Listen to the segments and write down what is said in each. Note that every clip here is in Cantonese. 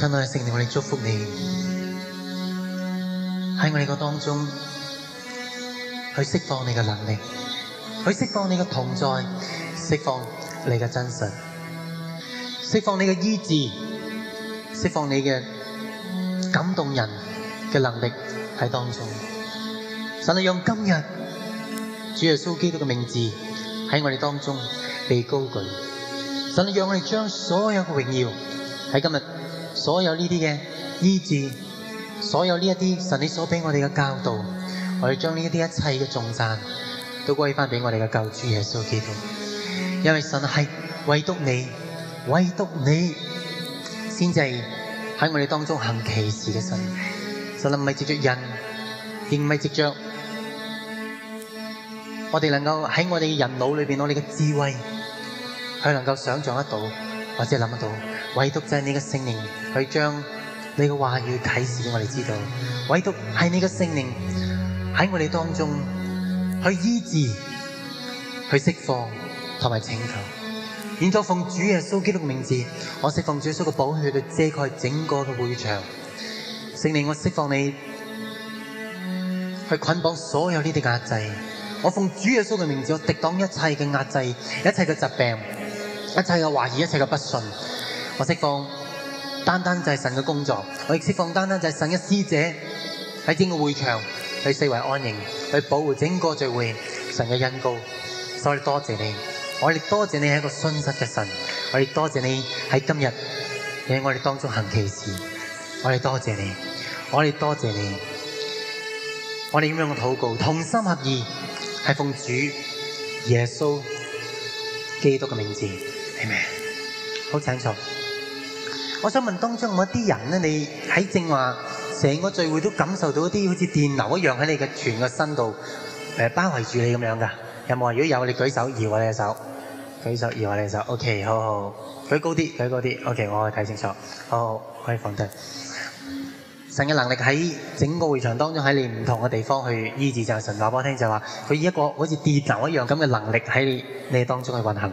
神啊，承念我哋祝福你，喺我哋個當中去釋放你嘅能力，去釋放你嘅同在，釋放你嘅真實，釋放你嘅意志，釋放你嘅感動人嘅能力喺當中。神啊，讓今日主耶穌基督嘅名字喺我哋當中被高舉。神啊，讓我哋將所有嘅榮耀喺今日。.所有呢啲嘅醫治，所有呢一啲神你所畀我哋嘅教導，我哋將呢一啲一切嘅頌讚都歸翻畀我哋嘅救主耶穌基督，因為神係唯獨你，唯獨你先至喺我哋當中行奇事嘅神，神唔係藉着人，亦唔係藉着我哋能夠喺我哋人腦裏面我哋嘅智慧，佢能夠想象得到或者諗得到。唯獨就是你嘅聖靈，去將你的話語啟示畀我哋知道，唯獨是你嘅聖靈喺我哋當中去醫治、去釋放同埋請求。願我奉主耶穌基督的名字，我釋放主耶穌嘅寶血去遮蓋整個嘅會場。聖靈，我釋放你去捆綁所有呢啲壓制。我奉主耶穌嘅名字，我抵擋一切嘅壓制、一切嘅疾病、一切嘅懷疑、一切嘅不信。我釋放單單就是神的工作，我亦釋放單單就是神的使者在整個會場去四圍安營，去保護整個聚會神的恩膏。所以我多謝你，我哋多謝你係一個信實的神，我哋多謝你在今日喺我哋當中行奇事。我哋多謝你，我哋多謝你，我哋咁樣的禱告，同心合意是奉主耶穌基督的名字，阿門。好，請坐。我想問當中有一啲人呢，你喺正話成個聚會都感受到一啲好似電流一樣喺你嘅全個身度包圍住你咁樣噶，有冇？如果有，你舉手二位嘅手，舉手二位嘅手。OK，好好，好，舉高啲，舉高啲。OK，我睇清楚，好好，可以放低。神嘅能力喺整個會場當中喺你唔同嘅地方去醫治，就神話俾我聽就話佢以一個好似電流一樣噉嘅能力喺你，你當中去運行。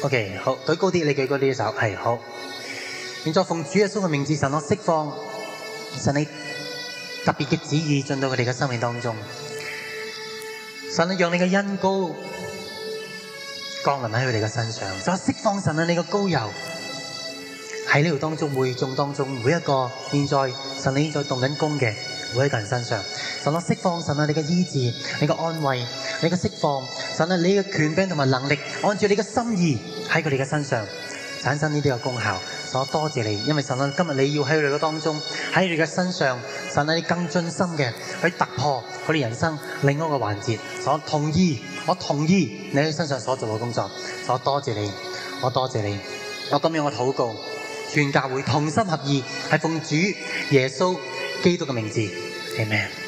OK，好，舉高啲，你舉高啲隻手。係好。現在奉主耶穌嘅名字，神我釋放神你特別嘅旨意進到佢哋嘅生命當中，神你讓你嘅恩膏降臨喺佢哋嘅身上，神我釋放神啊你嘅膏油喺呢度當中，會眾當中每一個，現在神你正在動緊工嘅每一個人身上，神我釋放神啊你嘅醫治，你嘅安慰。你嘅釋放，神啊！你嘅權柄同埋能力，按照你嘅心意喺佢哋嘅身上產生呢啲嘅功效。我多謝你，因為神啊！今日你要喺佢哋嘅當中，喺佢哋嘅身上，神啊！你更盡心嘅去突破佢哋人生另外一個環節。我同意，我同意你喺身上所做嘅工作。我多謝你，我多謝你。我今日我禱告，全教會同心合意，係奉主耶穌基督嘅名字。阿門。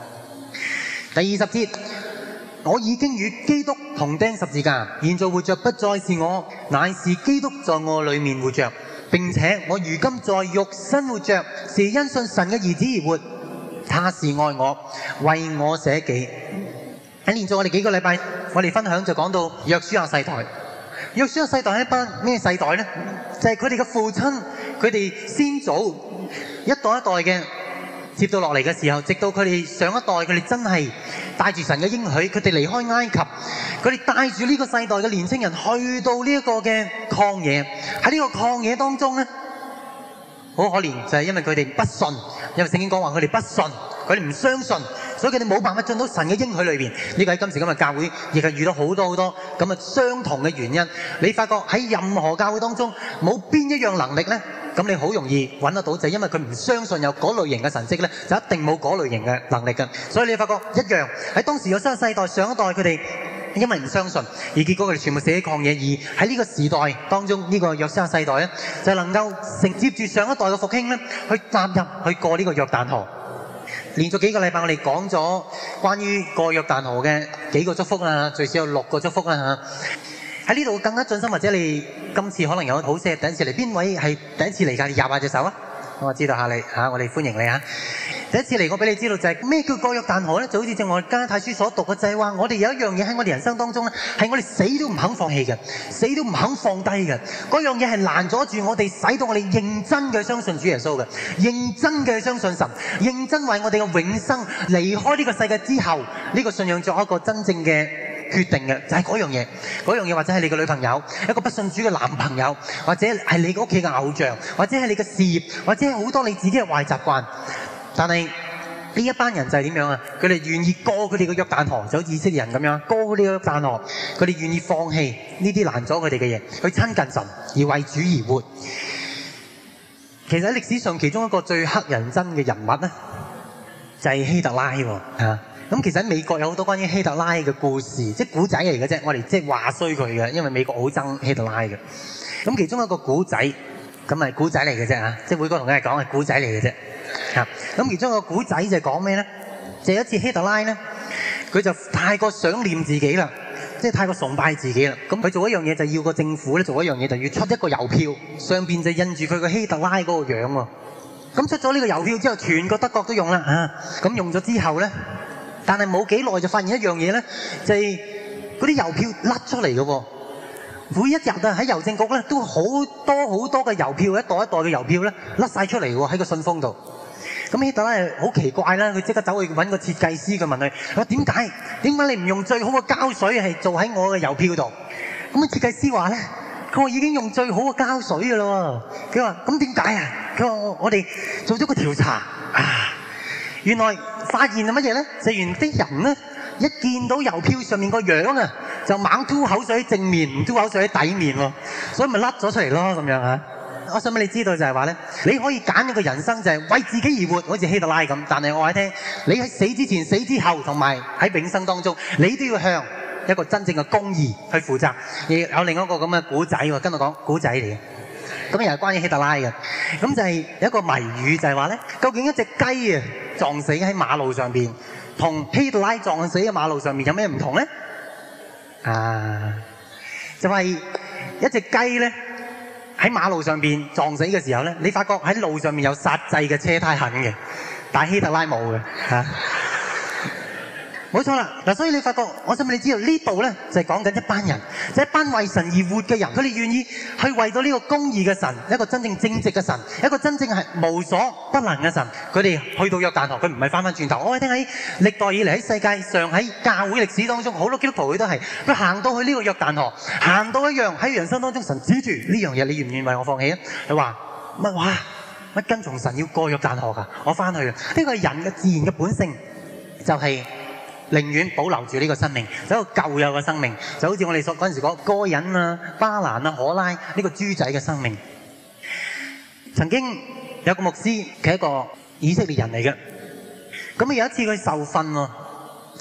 第二十節，我已經與基督同釘十字架，現在活着不再是我，乃是基督在我裏面活着，並且我如今在肉身活着，是因信神嘅兒子而活，他是愛我，為我捨己。喺 連續我哋幾個禮拜，我哋分享就講到約書亞世代，約書亞世代係一班咩世代呢？就係佢哋嘅父親，佢哋先祖，一代一代嘅。接到落嚟嘅時候，直到佢哋上一代，佢哋真係帶住神嘅應許，佢哋離開埃及，佢哋帶住呢個世代嘅年青人去到呢一個嘅曠野，喺呢個曠野當中咧，好可憐就係、是、因為佢哋不信，因為聖經講話佢哋不信，佢哋唔相信，所以佢哋冇辦法進到神嘅應許裏邊。呢、這個喺今時今日教會亦係遇到好多好多咁嘅相同嘅原因。你發覺喺任何教會當中，冇邊一樣能力咧？咁你好容易揾得到就，因為佢唔相信有嗰類型嘅神跡咧，就一定冇嗰類型嘅能力嘅。所以你發覺一樣喺當時嘅約書亞世代上一代，佢哋因為唔相信，而結果佢哋全部死喺曠野。而喺呢個時代當中，呢個約書亞世代咧，就能夠承接住上一代嘅復興咧，去踏入去過呢個約旦河。連續幾個禮拜我哋講咗關於過約旦河嘅幾個祝福啦，最少有六個祝福啦嚇。喺呢度更加進心，或者你今次可能有好些第一次嚟，邊位係第一次嚟㗎？你舉下隻手啊！我知道下你，我哋歡迎你。第一次嚟，我俾你知道就係、是、咩叫過約旦河呢？就好似正我家太師所讀嘅祭話。就是、我哋有一樣嘢喺我哋人生當中是係我哋死都唔肯放棄嘅，死都唔肯放低嘅。嗰樣嘢係攔阻住我哋，使到我哋認真嘅相信主耶穌嘅，認真嘅相信神，認真為我哋嘅永生離開呢個世界之後，呢、這個信仰作一個真正嘅。決定嘅就係、是、嗰樣嘢，嗰樣嘢或者係你個女朋友，一個不信主嘅男朋友，或者係你屋企嘅偶像，或者係你嘅事業，或者好多你自己嘅壞習慣。但係呢一班人就係點樣啊？佢哋願意過佢哋嘅約旦河，就好似以色列人咁樣過佢哋個約旦河。佢哋願意放棄呢啲攔阻佢哋嘅嘢，去親近神而為主而活。其實喺歷史上，其中一個最黑人憎嘅人物呢，就係希特拉喎。咁其實喺美國有好多關於希特拉嘅故事，即係古仔嚟嘅啫。我哋即係話衰佢嘅，因為美國好憎希特拉嘅。咁其中一個古仔，咁咪古仔嚟嘅啫嚇，即係每個同佢講係古仔嚟嘅啫。嚇，咁其中一個古仔就係講咩咧？就係一次希特拉咧，佢就太過想念自己啦，即係太過崇拜自己啦。咁佢做一樣嘢就要個政府咧做一樣嘢就要出一個郵票，上邊就印住佢個希特拉嗰個樣喎。咁出咗呢個郵票之後，全個德國都用啦嚇。咁用咗之後咧？但係冇幾耐就發現一樣嘢呢，就係嗰啲郵票甩出嚟㗎喎，每一日啊喺郵政局呢都好多好多嘅郵票，一袋一袋嘅郵票咧甩曬出嚟喎喺個信封度。咁希特勒好奇怪啦，佢即刻走去揾個設計師佢問佢：話點解？點解你唔用最好嘅膠水係做喺我嘅郵票度？咁啊設計師話呢：佢話已經用最好嘅膠水㗎喇喎。佢話：咁點解啊？佢話：我哋做咗個調查啊！原來發現係乜嘢就係原啲人呢，人一見到郵票上面個樣啊，就猛吐口水喺正面，唔吐口水喺底面喎，所以咪甩咗出嚟咯咁樣，我想俾你知道就係話呢，你可以揀一個人生就係為自己而活，好似希特拉咁。但係我喺聽，你喺死之前、死之後同埋喺永生當中，你都要向一個真正嘅公義去負責。有另外一個咁嘅古仔喎，跟我講古仔。咁又係關於希特拉嘅，咁就係一個謎語，就係話咧，究竟一隻雞啊撞死喺馬路上邊，同希特拉撞死喺馬路上邊有咩唔同咧？啊，就係一隻雞咧喺馬路上邊撞死嘅時候咧，你發覺喺路上面有剎掣嘅車胎痕嘅，但係希特拉冇嘅嚇。冇錯啦，所以你發覺，我想問你知道呢度呢，就係講緊一班人，就係一班為神而活嘅人，佢哋願意去為到呢個公義嘅神，一個真正正直嘅神，一個真正係無所不能嘅神，佢哋去到約旦河，佢唔係返返轉頭。我哋聽喺歷代以嚟喺世界上喺教會歷史當中，好多基督徒佢都係，佢行到去呢個約旦河，行到一樣喺人生當中，神指住呢樣嘢，你願唔願意為我放棄咧？佢話：乜係話，我跟從神要過約旦河㗎，我返去嘅。呢個係人嘅自然嘅本性，就係。寧願保留住呢個生命，就是、一個舊有嘅生命，就好似我哋所嗰陣時講該隱啊、巴蘭啊、可拉呢、呢個豬仔嘅生命。曾經有個牧師，佢係一個以色列人嚟嘅，咁有一次佢受訓喎。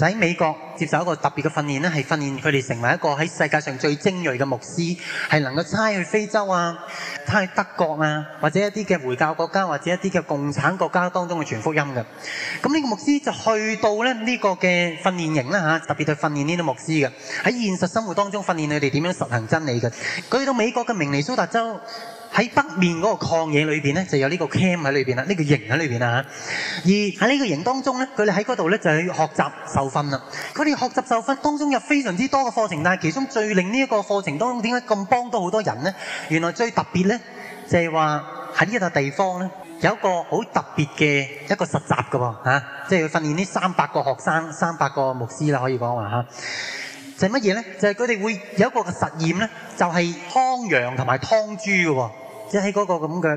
喺美國接受一個特別嘅訓練呢，係訓練佢哋成為一個喺世界上最精鋭嘅牧師，係能夠差去非洲啊、差去德國啊，或者一啲嘅回教國家或者一啲嘅共產國家當中去傳福音嘅。咁呢個牧師就去到呢個嘅訓練營啦嚇，特別去訓練呢啲牧師嘅喺現實生活當中訓練佢哋點樣實行真理嘅。佢去到美國嘅明尼蘇達州。喺北面嗰個曠野裏面呢，就有呢個 camp 喺裏面，啦，呢個營喺裏面。啦。而喺呢個營當中呢，佢哋喺嗰度呢，就去學習受訓啦。佢哋學習受訓當中有非常之多嘅課程，但係其中最令呢一個課程當中點解咁幫到好多人呢？原來最特別呢，就係話喺呢一個地方呢，有一個好特別嘅一個實習㗎喎。即係訓練呢三百個學生、三百個牧師啦，可以講話、啊、就係乜嘢呢？就係佢哋會有一個嘅實驗咧，就係劏羊同埋劏豬嘅喎。即喺嗰個咁嘅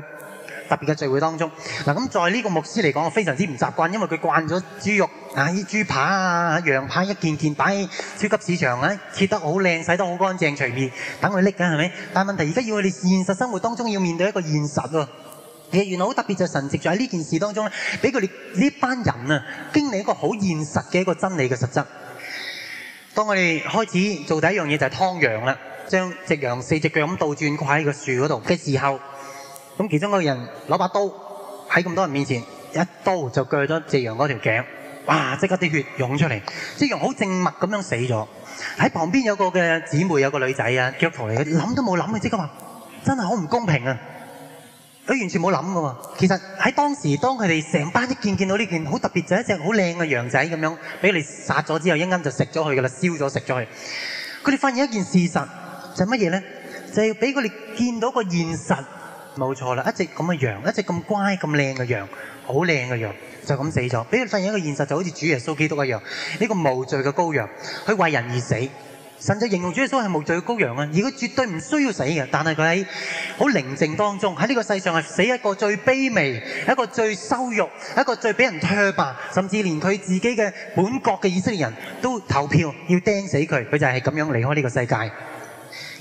特別嘅聚會當中，嗱，咁在呢個牧師嚟講，我非常之唔習慣，因為佢慣咗豬肉啊，啲、哎、豬排啊、羊排一件件擺喺超級市場啊，切得好靚，洗得好乾淨，隨便等佢拎嘅係咪？但問題而家要我哋現實生活當中要面對一個現實喎。其實原來好特別，就是、神藉在呢件事當中咧，俾佢哋呢班人啊，經歷一個好現實嘅一個真理嘅實質。當我哋開始做第一樣嘢就係湯羊啦。將隻羊四隻腳咁倒轉掛喺個樹嗰度嘅時候，咁其中嗰個人，攞把刀，喺咁多人面前，一刀就鋸咗隻羊嗰條頸，哇，即刻啲血湧出嚟，隻羊好靜默咁樣死咗，喺旁邊有個嘅姐妹，有個女仔，叫頭嚟，你諗都冇諗，即刻話，真係好唔公平啊，佢完全冇諗㗎喎。其實，喺當時，當佢地成班一見見到呢件，好特別，就一隻，好靚嘅羊仔，咁樣，��俿����俾�殺咗，應就乜嘢呢？就係俾佢哋見到個現實，冇錯啦！一隻咁嘅羊，一隻咁乖、咁靚嘅羊，好靚嘅羊，就咁死咗。俾佢發現一個現實，就，現實就好似主耶穌基督一樣，呢、這個無罪嘅羔羊，佢為人而死。甚至形容主耶穌係無罪嘅羔羊。而佢絕對唔需要死嘅，但係佢喺好寧靜當中，喺呢個世上係死一個最卑微、一個最羞辱、一個最俾人唾罵，甚至連佢自己嘅本國嘅以色列人都投票要釘死佢，佢就係咁樣離開呢個世界。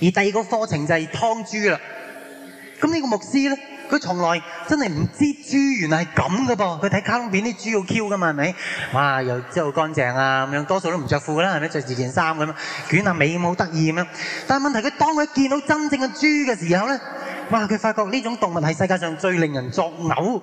而第二個課程就係劏豬啦。咁呢個牧師呢，佢從來真係唔知道豬原來係咁嘅噃。佢睇卡通片啲豬好 Q 㗎嘛，係咪？哇，又真係好乾淨啊咁樣，多數都唔著褲啦，係咪？著住件衫咁樣，捲下尾好得意咁樣。但係問題佢，佢當佢見到真正嘅豬嘅時候呢。哇！佢發覺呢種動物係世界上最令人作嘔、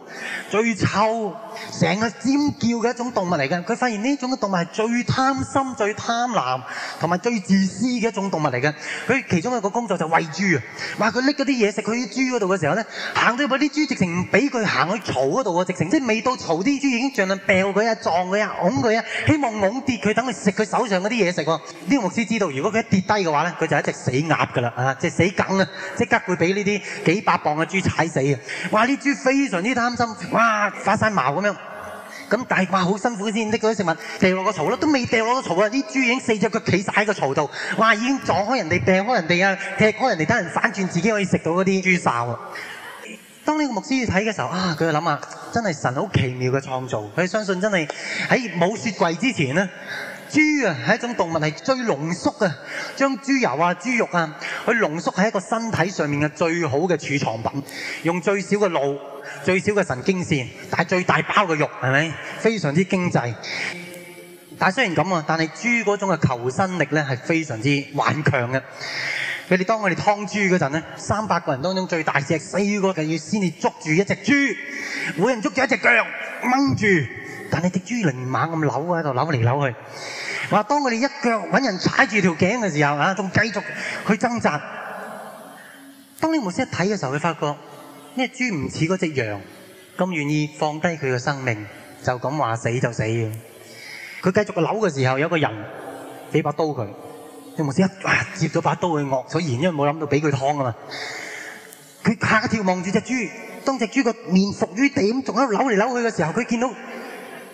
最臭、成個尖叫嘅一種動物嚟嘅。佢發現呢種動物係最貪心、最貪婪同埋最自私嘅一種動物嚟嘅。佢其中一個工作就是餵豬啊！哇！佢搦嗰啲嘢食去啲豬嗰度嘅時候呢，行到嗰啲豬直情唔俾佢行去草嗰度喎，直情即係未到草啲豬已經像嚟掟佢呀、撞佢呀、拱佢呀，希望拱跌佢等佢食佢手上嗰啲嘢食個。呢個牧師知道，如果佢一跌低嘅話咧，佢就係一隻死鴨㗎啦啊！只死梗啊！即刻會俾呢啲。幾百磅嘅豬踩死嘅，哇！呢豬非常之貪心，哇！發晒毛咁樣，咁大掛好辛苦先搦嗰啲食物掟落個槽啦，都未掟落個槽啊！啲豬已經四隻腳企晒喺個槽度，哇！已經撞開人哋，掟開人哋啊，踢開人哋，等人，人反轉自己可以食到嗰啲豬潲。啊！當呢個牧師睇嘅時候啊，佢就諗下，真係神好奇妙嘅創造，佢相信真係喺冇雪櫃之前呢。豬啊，係一種動物係最濃縮嘅，將豬油啊、豬肉啊，佢濃縮喺一個身體上面嘅最好嘅儲藏品，用最少嘅腦、最少嘅神經線，帶最大包嘅肉，係咪？非常之經濟。但係雖然這樣，但係豬嗰種嘅求生力呢係非常之頑強嘅。佢哋當我哋劏豬嗰陣呢，三百個人當中最大隻四個人要先至捉住一隻豬，每人捉住一隻腳掹住。但係隻豬仍然猛咁扭啊，就扭嚟扭去。話當佢哋一腳揾人踩住條頸嘅時候啊，仲繼續去掙扎。當啲牧師一睇嘅時候，佢發覺呢隻豬唔似嗰隻羊咁願意放低佢嘅生命，就咁話死就死嘅。佢繼續個扭嘅時候，有個人畀把刀佢。啲牧師一哇接咗把刀去惡，所以然因為冇諗到俾佢劏啊嘛。佢嚇一跳望住隻豬，當隻豬個面伏於地咁，仲喺度扭嚟扭去嘅時候，佢見到。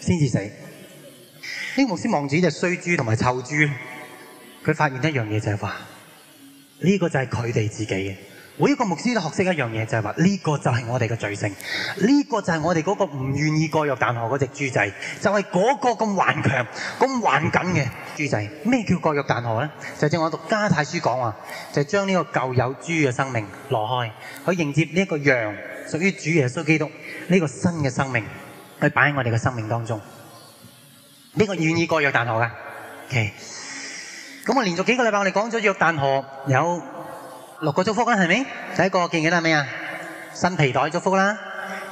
先至死。呢、這個牧師望住呢隻衰豬同埋臭豬，佢發現一樣嘢就係、是、話：呢、這個就係佢哋自己嘅。每一個牧師都學識一樣嘢就係、是、話：呢、這個就係我哋嘅罪性。呢、這個就係我哋嗰個唔願意割肉彈河嗰隻豬仔，就係、是、嗰個咁頑強、咁頑梗嘅豬仔。咩叫割肉彈河咧？就是、正我讀加拉太書講話，就將、是、呢個舊有豬嘅生命挪開，去迎接呢一個羊，屬於主耶穌基督呢個新嘅生命。佢擺喺我哋嘅生命當中，邊個願意過約旦河嘅？OK，咁我連續幾個禮拜我哋講咗約旦河有六個祝福啦，係咪？第一個記緊啦，係咪啊？新皮袋祝福啦，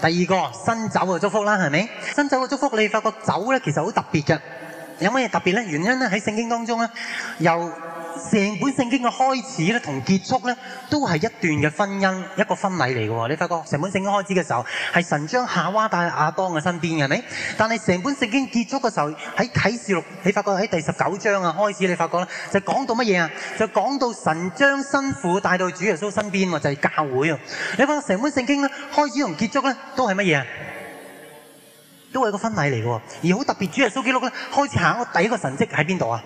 第二個新酒嘅祝福啦，係咪？新酒嘅祝福，你發覺酒呢其實好特別嘅，有乜嘢特別呢？原因呢喺聖經當中呢，由。成本聖經嘅開始咧同結束都係一段嘅婚姻，一個婚禮嚟喎。你發覺成本聖經開始嘅時候，係神將夏娃帶去亞當嘅身邊，係咪？但係成本聖經結束嘅時候，喺啟示錄，你發覺喺第十九章開始，你發覺咧就講到乜嘢啊？就講到神將新婦帶到主耶穌身邊喎，就係教會啊！你發覺成本聖經咧開始同結束咧都係乜嘢啊？都係個婚禮嚟嘅喎，而好特別，主耶穌基督咧開始行第一個神跡喺邊度啊？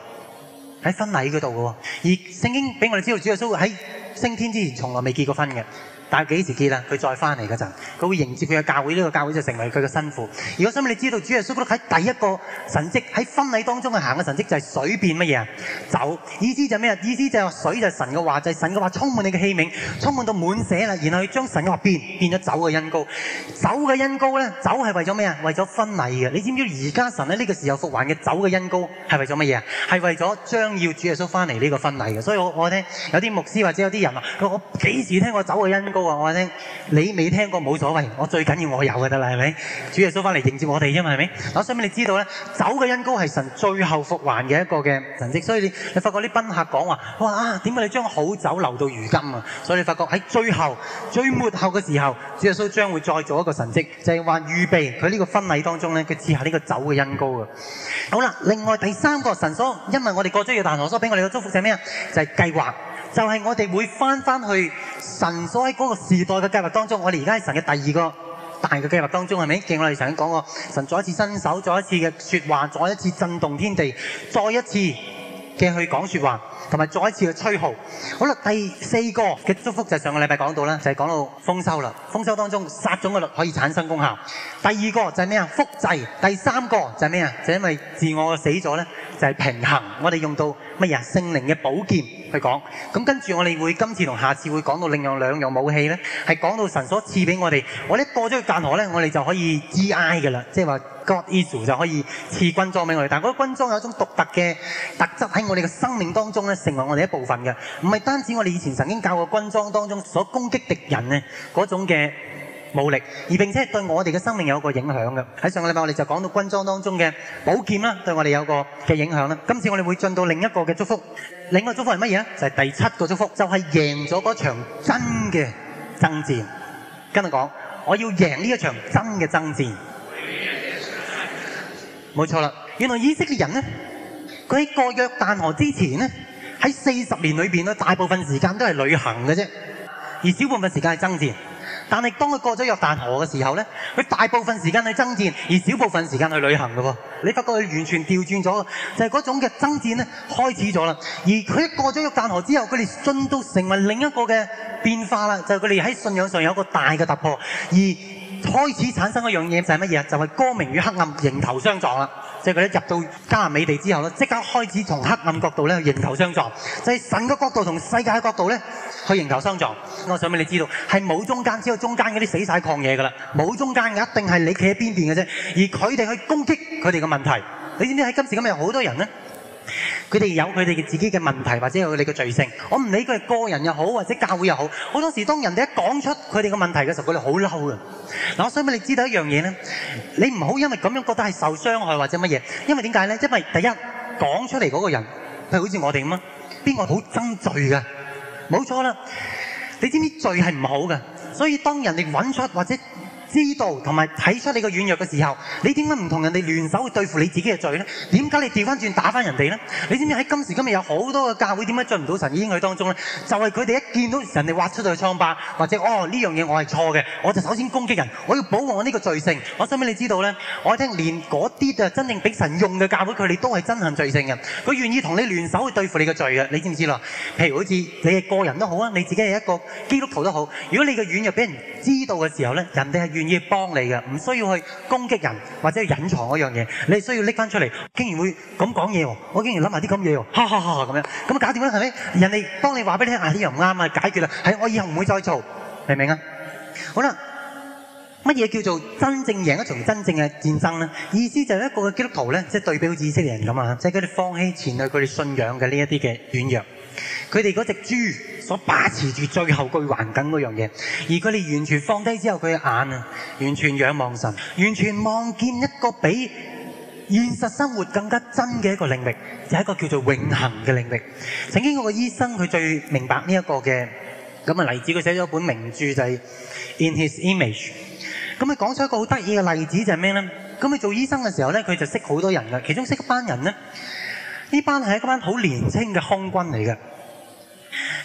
喺婚禮嗰度喎，而聖經俾我哋知道，主耶穌喺升天之前，從來未結過婚嘅。但係幾時結啊？佢再返嚟嗰陣，佢會迎接佢嘅教會，呢、這個教會就成為佢嘅新婦。如果想你知道，主耶穌喺第一個神跡喺婚禮當中嘅行嘅神跡就係水變乜嘢啊？酒。意思就咩啊？意思就話水就係神嘅話，就係、神嘅話充滿你嘅器皿，充滿到滿瀉啦，然後去將神嘅話變變咗酒嘅恩膏。酒嘅恩膏呢？酒係為咗咩呀？為咗婚禮嘅。你知唔知而家神咧呢個時候復還嘅酒嘅恩膏係為咗乜嘢啊？係為咗將要主耶穌翻嚟呢個婚禮嘅。所以我我聽有啲牧師或者有啲人話：說我幾時聽過酒嘅恩膏？我話你聽，你未聽過冇所謂，我最緊要我有嘅得啦，係咪？主耶穌翻嚟迎接我哋，因為係咪？我想俾你知道咧，酒嘅恩膏係神最後復還嘅一個嘅神跡，所以你你發覺啲賓客講話，哇啊，點解你將好酒留到如今啊？所以你發覺喺最後、最末後嘅時候，主耶穌將會再做一個神跡，就係話預備佢呢個婚禮當中咧，佢賜下呢個酒嘅恩膏啊！好啦，另外第三個神所，因為我哋過咗嘅大羅嗦，俾我哋嘅祝福係咩啊？就係計劃。就係、是、我哋會翻回去神所喺嗰個時代嘅計劃當中，我哋而家是神嘅第二個大嘅計劃當中，係是咪是？見我哋曾經講過，神再一次伸手，再一次嘅説話，再一次震動天地，再一次嘅去講説話，同埋再一次嘅吹號。好啦，第四個嘅祝福就上個禮拜講到啦，就係、是、講到豐收啦。豐收當中，殺種嘅律可以產生功效。第二個就係咩啊？複製。第三個就係咩啊？就是、因為自我嘅死咗呢。就係、是、平衡，我哋用到乜嘢聖靈嘅寶劍去講。咁跟住我哋會今次同下次會講到另外兩樣兩武器呢，係講到神所賜俾我哋，我哋過咗去間河呢，我哋就可以 GI 嘅啦，即係話 God i s l 就可以賜軍裝俾我哋，但嗰個軍裝有一種獨特嘅特質喺我哋嘅生命當中呢，成為我哋一部分嘅，唔係單止我哋以前曾經教過軍裝當中所攻擊敵人呢，嗰種嘅。武力而並且對我哋嘅生命有個影響嘅。喺上個禮拜我哋就講到軍裝當中嘅寶劍啦，對我哋有個嘅影響。今次我哋會進到另一個嘅祝福，另一個祝福係乜嘢呢？就係第七個祝福，就係贏咗嗰場真嘅爭戰。跟住講，我要贏呢一場真嘅爭戰。冇錯啦，原來以色列人呢，佢過約旦河之前呢，喺四十年裏邊呢，大部分時間都係旅行嘅啫，而少部分時間係爭戰但係當佢過咗約旦河嘅時候呢佢大部分時間去爭戰，而少部分時間去旅行嘅喎。你發覺佢完全調轉咗，就係、是、嗰種嘅爭戰咧開始咗啦。而佢一過咗約旦河之後，佢哋進到成為另一個嘅變化啦，就係佢哋喺信仰上有一個大嘅突破，而開始產生嗰樣嘢就係乜嘢？就係光明與黑暗迎頭相撞啦。就係、是、佢一入到迦南美地之後咧，即刻開始從黑暗角度咧迎頭相撞，就係、是、神嘅角度同世界的角度咧。去迎頭相撞，我想俾你知道，係冇中間，只有中間嗰啲死曬曠野噶啦，冇中間嘅一定係你企喺邊邊嘅啫。而佢哋去攻擊佢哋嘅問題，你知唔知喺今時今日好多人咧，佢哋有佢哋嘅自己嘅問題或者有佢哋嘅罪性。我唔理佢哋個人又好或者教會又好，好多時當人哋一講出佢哋嘅問題嘅時候，佢哋好嬲噶。嗱，我想俾你知道一樣嘢咧，你唔好因為咁樣覺得係受傷害或者乜嘢，因為點解咧？因為第一講出嚟嗰個人係好似我哋咁啊，邊個好憎罪噶？冇錯啦，你知唔知罪係唔好嘅？所以當人哋揾出或者。知道同埋睇出你個軟弱嘅時候，你點解唔同人哋聯手去對付你自己嘅罪呢？點解你調翻轉打翻人哋呢？你知唔知喺今時今日有好多嘅教會點解進唔到神嘅應許當中呢？就係佢哋一見到人哋挖出佢嘅瘡疤，或者哦呢樣嘢我係錯嘅，我就首先攻擊人，我要保護我呢個罪性。我想俾你知道呢，我聽連嗰啲啊真正俾神用嘅教會，佢哋都係憎恨罪性嘅，佢願意同你聯手去對付你嘅罪嘅，你知唔知咯？譬如好似你個人都好啊，你自己係一個基督徒都好，如果你嘅軟弱俾人知道嘅時候呢，人哋係願願意幫你嘅，唔需要去攻擊人或者隱藏嗰樣嘢，你係需要拎翻出嚟。竟然會咁講嘢喎，我竟然諗埋啲咁嘢喎，哈哈哈咁樣，咁啊搞掂啦，係咪？人哋幫你話俾你聽，啊呢樣唔啱啊，解決啦，係我以後唔會再做，明唔明啊？好啦，乜嘢叫做真正贏一場真正嘅戰爭咧？意思就係一個基督徒咧，即係對比好似以色列人咁啊，即係佢哋放棄前去佢哋信仰嘅呢一啲嘅軟弱，佢哋嗰隻豬。所把持住最後佢環境嗰樣嘢，而佢哋完全放低之後，佢嘅眼啊，完全仰望神，完全望見一個比現實生活更加真嘅一個領域，就係、是、一個叫做永恆嘅領域。曾經有個醫生佢最明白呢一個嘅咁嘅例子，佢寫咗一本名著就係、是《In His Image》。咁佢講咗一個好得意嘅例子就係咩咧？咁佢做醫生嘅時候咧，佢就識好多人嘅，其中識一班人咧，呢班係一班好年輕嘅空軍嚟嘅。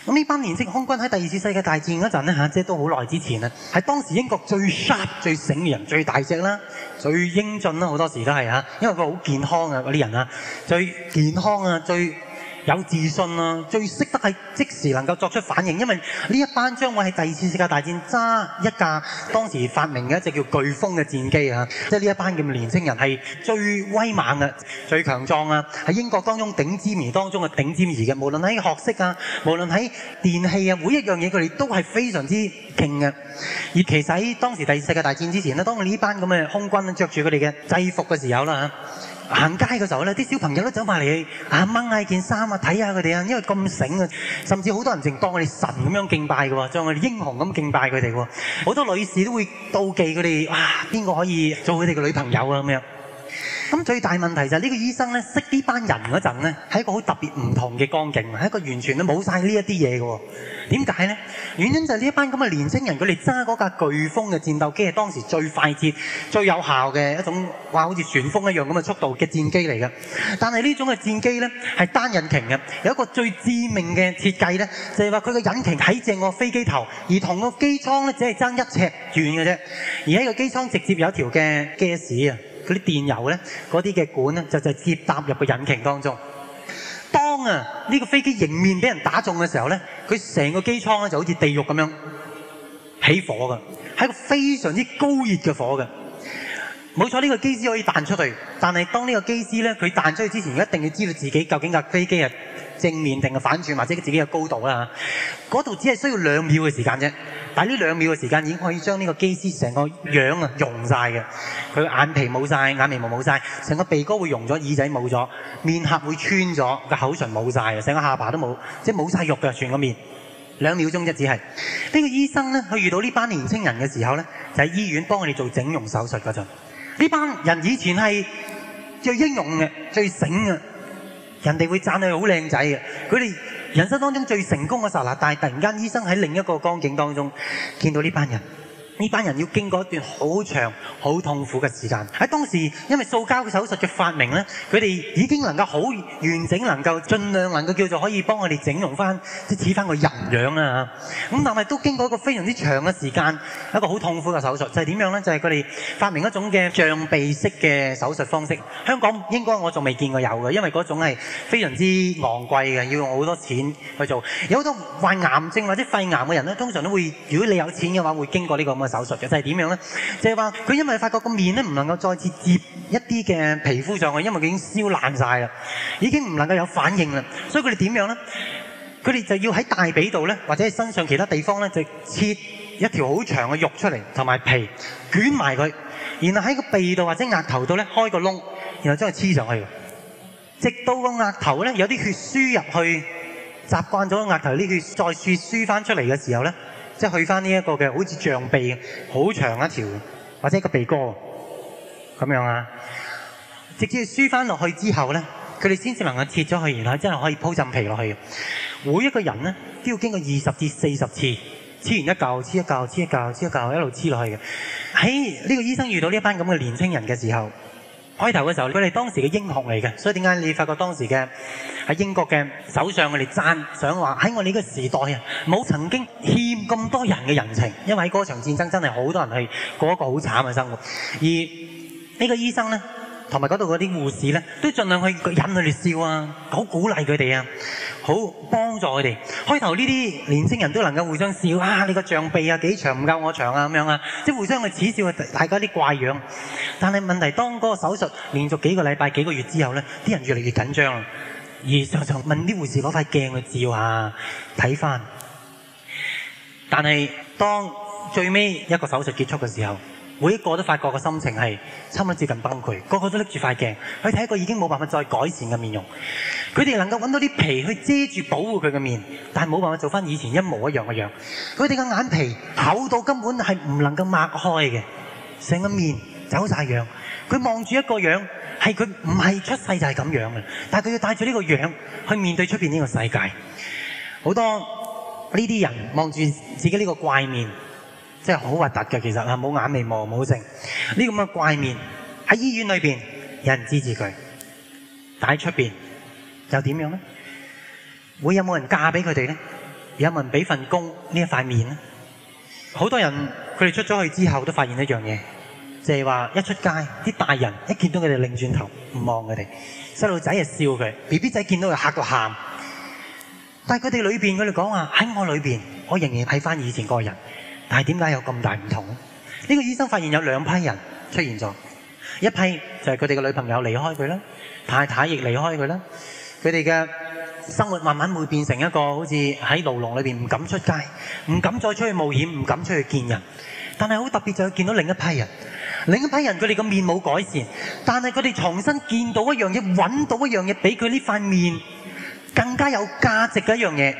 咁呢班年輕空軍喺第二次世界大戰嗰陣呢，即係都好耐之前啦，係當時英國最 sharp 最醒嘅人，最大隻啦，最英俊啦，好多時都係啊，因為佢好健康啊嗰啲人啊，最健康啊最。有自信啊，最識得係即時能夠作出反應，因為呢一班將會係第二次世界大戰揸一架當時發明嘅一隻叫颶風嘅戰機啊，即係呢一班咁嘅年輕人係最威猛嘅、最強壯啊，喺英國當中頂尖兒當中嘅頂尖兒嘅，無論喺學識啊，無論喺電器啊，每一樣嘢佢哋都係非常之勁嘅。而其實喺當時第二次世界大戰之前咧，當呢班咁嘅空軍着住佢哋嘅制服嘅時候啦嚇。行街嗰時候咧，啲小朋友都走埋嚟，啊掹下件衫啊，睇下佢哋啊，因為咁醒啊，甚至好多人仲當佢哋神咁樣敬拜嘅喎，將佢哋英雄咁敬拜佢哋喎，好多女士都會妒忌佢哋，哇邊個可以做佢哋嘅女朋友啊咁樣。咁最大問題就係呢個醫生呢，識呢班人嗰陣呢，係一個好特別唔同嘅光景，係一個完全都冇晒呢一啲嘢嘅喎。點解呢？原因就係呢班咁嘅年輕人，佢哋揸嗰架颶風嘅戰鬥機係當時最快捷、最有效嘅一種，哇！好似旋風一樣咁嘅速度嘅戰機嚟㗎。但係呢種嘅戰機呢，係單引擎嘅，有一個最致命嘅設計呢，就係話佢嘅引擎喺正個飛機頭，而同個機艙呢，只係爭一尺遠嘅啫，而喺個機艙直接有條嘅 gas 嗰啲電油咧，嗰啲嘅管咧，就直接搭入個引擎當中。當啊，呢個飛機迎面畀人打中嘅時候咧，佢成個機艙就好似地獄咁樣起火嘅，係一個非常之高熱嘅火嘅。冇錯，呢個機師可以彈出去，但係當呢個機師呢，佢彈出去之前一定要知道自己究竟架飛機係正面定係反轉，或者自己嘅高度啦。嗰度只係需要兩秒嘅時間啫，但係呢兩秒嘅時間已經可以將呢個機師成個樣啊溶曬嘅，佢眼皮冇晒，眼眉毛冇曬，成個鼻哥會溶咗，耳仔冇咗，面核會穿咗，個口唇冇晒，成個下巴都冇，即係冇晒肉嘅全個面。兩秒鐘啫，只係呢個醫生呢，佢遇到呢班年輕人嘅時候呢，就喺醫院幫佢哋做整容手術嗰陣。呢班人以前係最英勇嘅，最醒嘅，人哋會讚佢好靚仔嘅。佢哋人生當中最成功嘅時候，但係突然間醫生喺另一個光景當中見到呢班人。呢班人要經過一段好長、好痛苦嘅時間。喺當時，因為塑膠嘅手術嘅發明咧，佢哋已經能夠好完整、能夠儘量能夠叫做可以幫我哋整容返，即係似翻個人樣啊。咁但係都經過一個非常之長嘅時間，一個好痛苦嘅手術。就係點樣呢？就係佢哋發明一種嘅象鼻式嘅手術方式。香港應該我仲未見過有嘅，因為嗰種係非常之昂貴嘅，要用好多錢去做。有好多患癌症或者肺癌嘅人咧，通常都會如果你有錢嘅話，會經過呢、這個。手術嘅即係點樣咧？就係話佢因為發覺個面咧唔能夠再次接一啲嘅皮膚上去，因為已經燒爛晒啦，已經唔能夠有反應啦。所以佢哋點樣咧？佢哋就要喺大髀度咧，或者身上其他地方咧，就切一條好長嘅肉出嚟，同埋皮捲埋佢，然後喺個鼻度或者額頭度咧開個窿，然後將佢黐上去。直到個額頭咧有啲血輸入去，習慣咗個額頭啲血再輸翻出嚟嘅時候咧。即係去返呢一個嘅好似象鼻，好長一條，或者一個鼻哥咁樣啊！直接輸返落去之後呢，佢哋先至能夠切咗去，然後真係可以鋪真皮落去。每一個人呢，都要經過二十至四十次，黐完一嚿，黐一嚿，黐一嚿，黐一嚿，一路黐落去。喺呢個醫生遇到呢班咁嘅年輕人嘅時候，開頭嘅時候，佢哋當時嘅英雄嚟嘅，所以點解你發覺當時嘅係英國嘅首相，我哋讚賞話喺我哋呢個時代啊，冇曾經欠咁多人嘅人情，因為喺嗰場戰爭真係好多人去過一個好慘嘅生活，而呢個醫生呢。同埋嗰度嗰啲護士咧，都盡量去引佢哋笑啊，好鼓勵佢哋啊，好幫助佢哋。開頭呢啲年輕人都能夠互相笑啊，你個象鼻啊幾長唔夠我長啊咁樣啊，即係互相去恥笑啊大家啲怪樣。但係問題當嗰個手術連續幾個禮拜幾個月之後咧，啲人越嚟越緊張，而常常問啲護士攞塊鏡去照下睇翻。但係當最尾一個手術結束嘅時候，每一個都發覺個心情係差唔多接近崩潰，個個都拎住塊鏡去睇一個已經冇辦法再改善嘅面容。佢哋能夠揾到啲皮去遮住保護佢嘅面，但冇辦法做返以前一模一樣嘅樣。佢哋嘅眼皮厚到根本係唔能夠擘開嘅，成個面走晒樣。佢望住一個樣，係佢唔係出世就係咁樣嘅，但佢要帶住呢個樣去面對出面呢個世界。好多呢啲人望住自己呢個怪面。真係好核突嘅，其實啊，冇眼眉毛冇剩，呢咁嘅怪面喺醫院裏邊有人支持佢，但喺出邊又點樣咧？會有冇人嫁俾佢哋咧？有冇人俾份工呢？一塊面咧？好多人佢哋出咗去之後都發現一樣嘢，就係話一出街啲大人一見到佢哋擰轉頭唔望佢哋，細路仔啊笑佢，B B 仔見到佢嚇到喊。但係佢哋裏邊佢哋講話喺我裏邊，我仍然係返以前嗰個人。但係點解有咁大唔同呢？呢個醫生發現有兩批人出現咗，一批就係佢哋嘅女朋友離開佢啦，太太亦離開佢啦，佢哋嘅生活慢慢會變成一個好似喺牢籠裏面唔敢出街，唔敢再出去冒險，唔敢出去見人。但係好特別，就係見到另一批人，另一批人佢哋嘅面冇改善，但係佢哋重新見到一樣嘢，揾到一樣嘢，比佢呢塊面更加有價值嘅一樣嘢。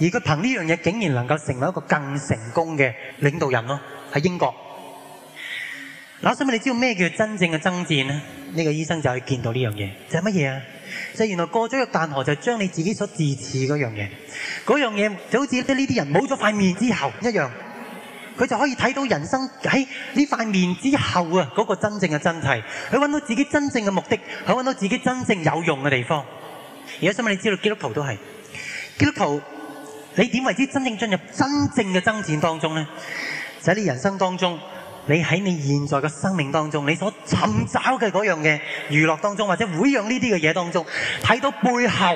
而佢憑呢樣嘢，竟然能夠成為一個更成功嘅領導人咯，喺英國。嗱，我想問你知道咩叫真正嘅爭戰咧？呢個醫生就可以見到呢樣嘢，就係乜嘢啊？就原來過咗約旦河，就將你自己所自恃嗰樣嘢，嗰樣嘢就好似呢啲人冇咗塊面之後一樣，佢就可以睇到人生喺呢塊面之後啊嗰個真正嘅真諦，佢揾到自己真正嘅目的，佢揾到自己真正有用嘅地方。而家想問你知道基督徒都係基督徒？你點為之真正進入真正嘅爭戰當中呢就係，在你人生當中，你喺你現在嘅生命當中，你所尋找嘅嗰樣嘅娛樂當中，或者會讓呢啲嘅嘢當中，睇到背後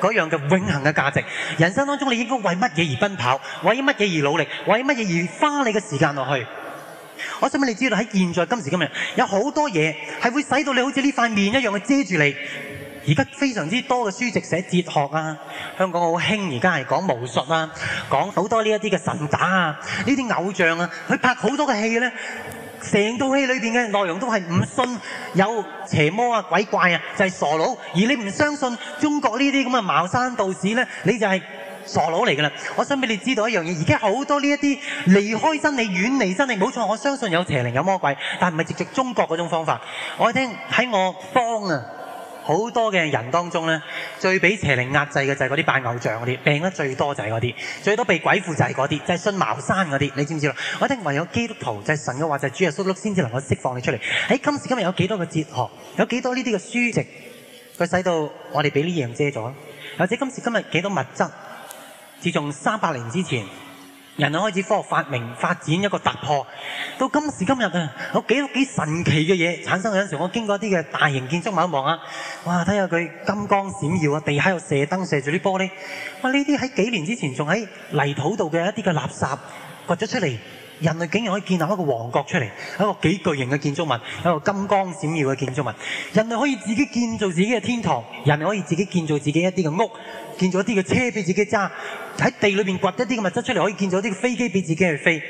嗰樣嘅永恒嘅價值。人生當中，你應該為乜嘢而奔跑？為乜嘢而努力？為乜嘢而花你嘅時間落去？我想問你知道喺現在今時今日，有好多嘢係會使到你好似呢塊面一樣去遮住你。而家非常之多嘅書籍寫哲學啊，香港好興而家係講巫術啊，講好多呢啲嘅神打啊，呢啲偶像啊，佢拍好多嘅戲呢，成套戲裏面嘅內容都係唔信有邪魔啊鬼怪啊，就係、是、傻佬。而你唔相信中國呢啲咁嘅茅山道士呢，你就係傻佬嚟㗎啦。我想俾你知道一樣嘢，而家好多呢啲離開真理、遠離真理。冇錯，我相信有邪靈有魔鬼，但係唔係直接中國嗰種方法。我聽喺我方啊。好多嘅人當中呢，最俾邪靈壓制嘅就係嗰啲扮偶像嗰啲，病得最多就係嗰啲，最多被鬼附就係嗰啲，就係、是、信茅山嗰啲，你知唔知道？我聽聞有基督徒就係、是、神嘅話就係、是、主耶穌先至能夠釋放你出嚟。喺、哎、今時今日有幾多個哲學，有幾多呢啲嘅書籍，佢使到我哋俾呢樣遮咗，或者今時今日幾多物質，自從三百年之前。人類開始科學發明發展一個突破，到今時今日啊，有幾多幾神奇嘅嘢產生嗰陣時，我經過一啲嘅大型建築物一望啊，哇！睇下佢金光閃耀啊，地下又射燈射住啲玻璃，哇！呢啲喺幾年之前仲喺泥土度嘅一啲嘅垃圾掘咗出嚟。人類竟然可以建立一個王國出嚟，一個幾巨型嘅建築物，一個金光閃耀嘅建築物。人類可以自己建造自己嘅天堂，人類可以自己建造自己一啲嘅屋，建造一啲嘅車俾自己揸，喺地裏面掘一啲嘅物質出嚟，可以建造一啲嘅飛機俾自己去飛。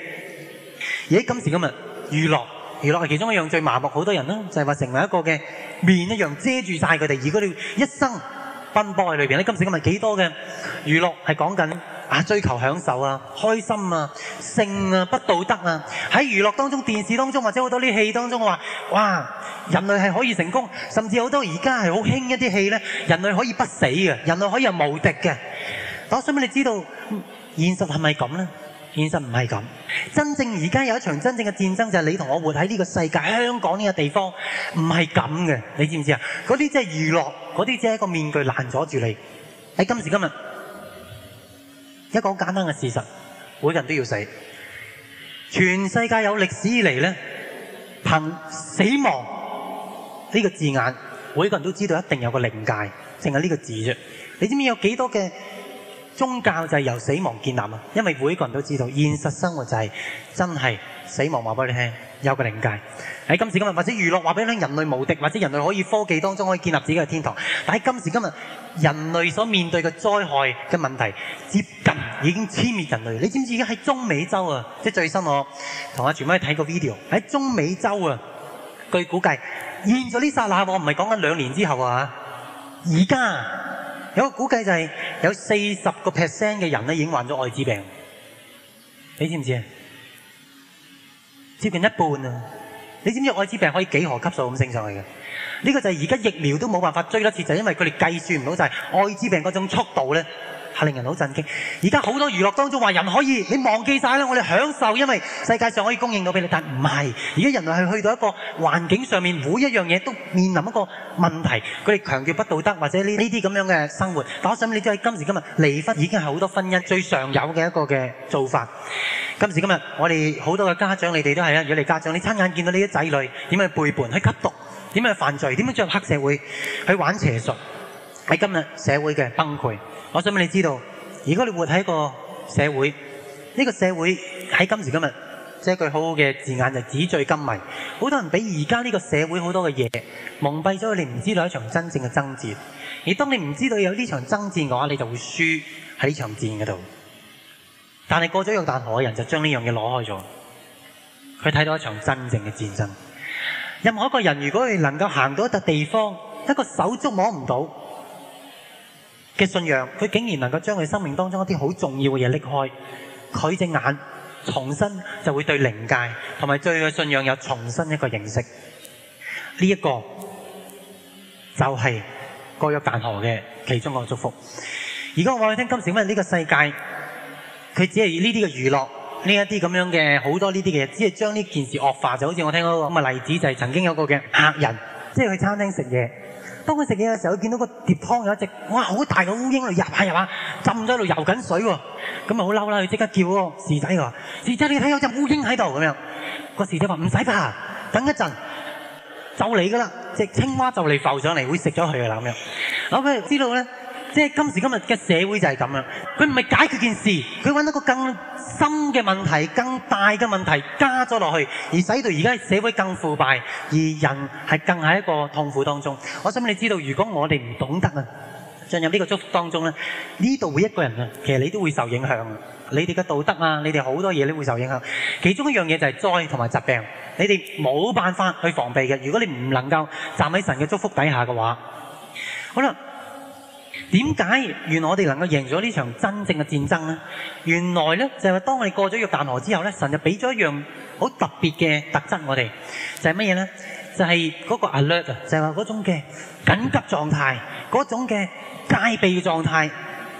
而喺今時今日，娛樂，娛樂係其中一樣最麻木好多人啦，就係、是、話成為一個嘅面一樣遮住晒佢哋，而佢哋一生奔波喺裏面，你今時今日幾多嘅娛樂係講緊？啊！追求享受啊，開心啊，性啊，不道德啊！喺娛樂當中、電視當中或者好多啲戲當中話：哇！人類係可以成功，甚至好多而家係好興一啲戲呢，人類可以不死嘅，人類可以有無敵嘅。我想問你知道現實係咪咁呢？現實唔係咁。真正而家有一場真正嘅戰爭就係、是、你同我活喺呢個世界，香港呢個地方唔係咁嘅。你知唔知啊？嗰啲即係娛樂，嗰啲即係一個面具攔阻住你喺、哎、今時今日。一個很簡單嘅事實，每個人都要死。全世界有歷史以來呢，憑死亡呢個字眼，每個人都知道一定有個靈界，淨係呢個字啫。你知唔知有幾多嘅宗教就係由死亡建立啊？因為每個人都知道，現實生活就係真係死亡話俾你聽，有個靈界。喺今時今日，或者娛樂話俾你聽，人類無敵，或者人類可以科技當中可以建立自己嘅天堂。但喺今時今日，人類所面對嘅災害嘅問題，接近已經殲滅人類。你知唔知而家喺中美洲啊？即最新我同阿全威去睇個 video 喺中美洲啊。據估計，現在呢剎那喎，我唔係講緊兩年之後啊，而家有個估計就係有四十個 percent 嘅人咧已經患咗愛滋病。你知唔知啊？接近一半啊！你知唔知愛滋病可以幾何級數咁升上去嘅？呢個就係而家疫苗都冇辦法追得切，就係因為佢哋計算唔到就係愛滋病嗰種速度咧，係令人好震驚。而家好多娛樂當中話人可以你忘記晒啦，我哋享受，因為世界上可以供應到俾你，但唔係。而家人類係去到一個環境上面，每一樣嘢都面臨一個問題。佢哋強調不道德或者呢呢啲咁樣嘅生活。但我想，你知，喺今時今日離婚已經係好多婚姻最常有嘅一個嘅做法。今時今日，我哋好多嘅家長，你哋都係。如果你家長，你親眼見到呢啲仔女點去背叛、去吸毒、點去犯罪、點樣進入黑社會、去玩邪術，喺今日社會嘅崩潰，我想問你知道：如果你活喺個社會，呢個社會喺今時今日，即係一句好好嘅字眼，就紙醉金迷。好多人俾而家呢個社會好多嘅嘢蒙蔽咗，你唔知道一場真正嘅爭戰。而當你唔知道有呢場爭戰嘅話，你就會輸喺呢場戰嗰度。但係過咗約旦河嘅人就將呢樣嘢攞開咗，佢睇到一場真正嘅戰爭。任何一個人如果佢能夠行到一笪地方，一個手觸摸唔到嘅信仰，佢竟然能夠將佢生命當中一啲好重要嘅嘢拎開，佢隻眼重新就會對靈界同埋對佢信仰有重新一個認識。呢一個就係過約旦河嘅其中一個祝福。如果我哋聽今時今日呢個世界。佢只係呢啲嘅娛樂，呢一啲咁樣嘅好多呢啲嘅，只係將呢件事惡化，就好似我聽嗰個咁嘅例子，就係、是、曾經有個嘅客人，即係去餐廳食嘢。當佢食嘢嘅時候，佢見到個碟湯有一隻，哇！好大嘅烏蠅喺度入下、啊、入下、啊啊，浸咗喺度游緊水喎。咁咪好嬲啦，佢即刻叫喎侍仔喎，侍仔你睇有隻烏蠅喺度咁樣。個侍仔話唔使怕，等一陣就嚟㗎啦，隻青蛙就嚟浮上嚟會食咗佢嘅啦咁樣。咁佢知道咧。即係今時今日嘅社會就係咁樣，佢唔係解決一件事，佢揾到個更深嘅問題、更大嘅問題加咗落去，而使到而家嘅社會更腐敗，而人係更喺一個痛苦當中。我想你知道，如果我哋唔懂得啊，進入呢個祝福當中呢，呢度每一個人啊，其實你都會受影響，你哋嘅道德啊，你哋好多嘢都會受影響。其中一樣嘢就係災同埋疾病，你哋冇辦法去防備嘅。如果你唔能夠站喺神嘅祝福底下嘅話，好啦。點解原來我哋能夠贏咗呢場真正嘅戰爭咧？原來咧就係當我哋過咗約旦河之後咧，神就俾咗一樣好特別嘅特質我哋，就係乜嘢咧？就係嗰個 alert 啊，就係話嗰種嘅緊急狀態，嗰種嘅戒備狀態，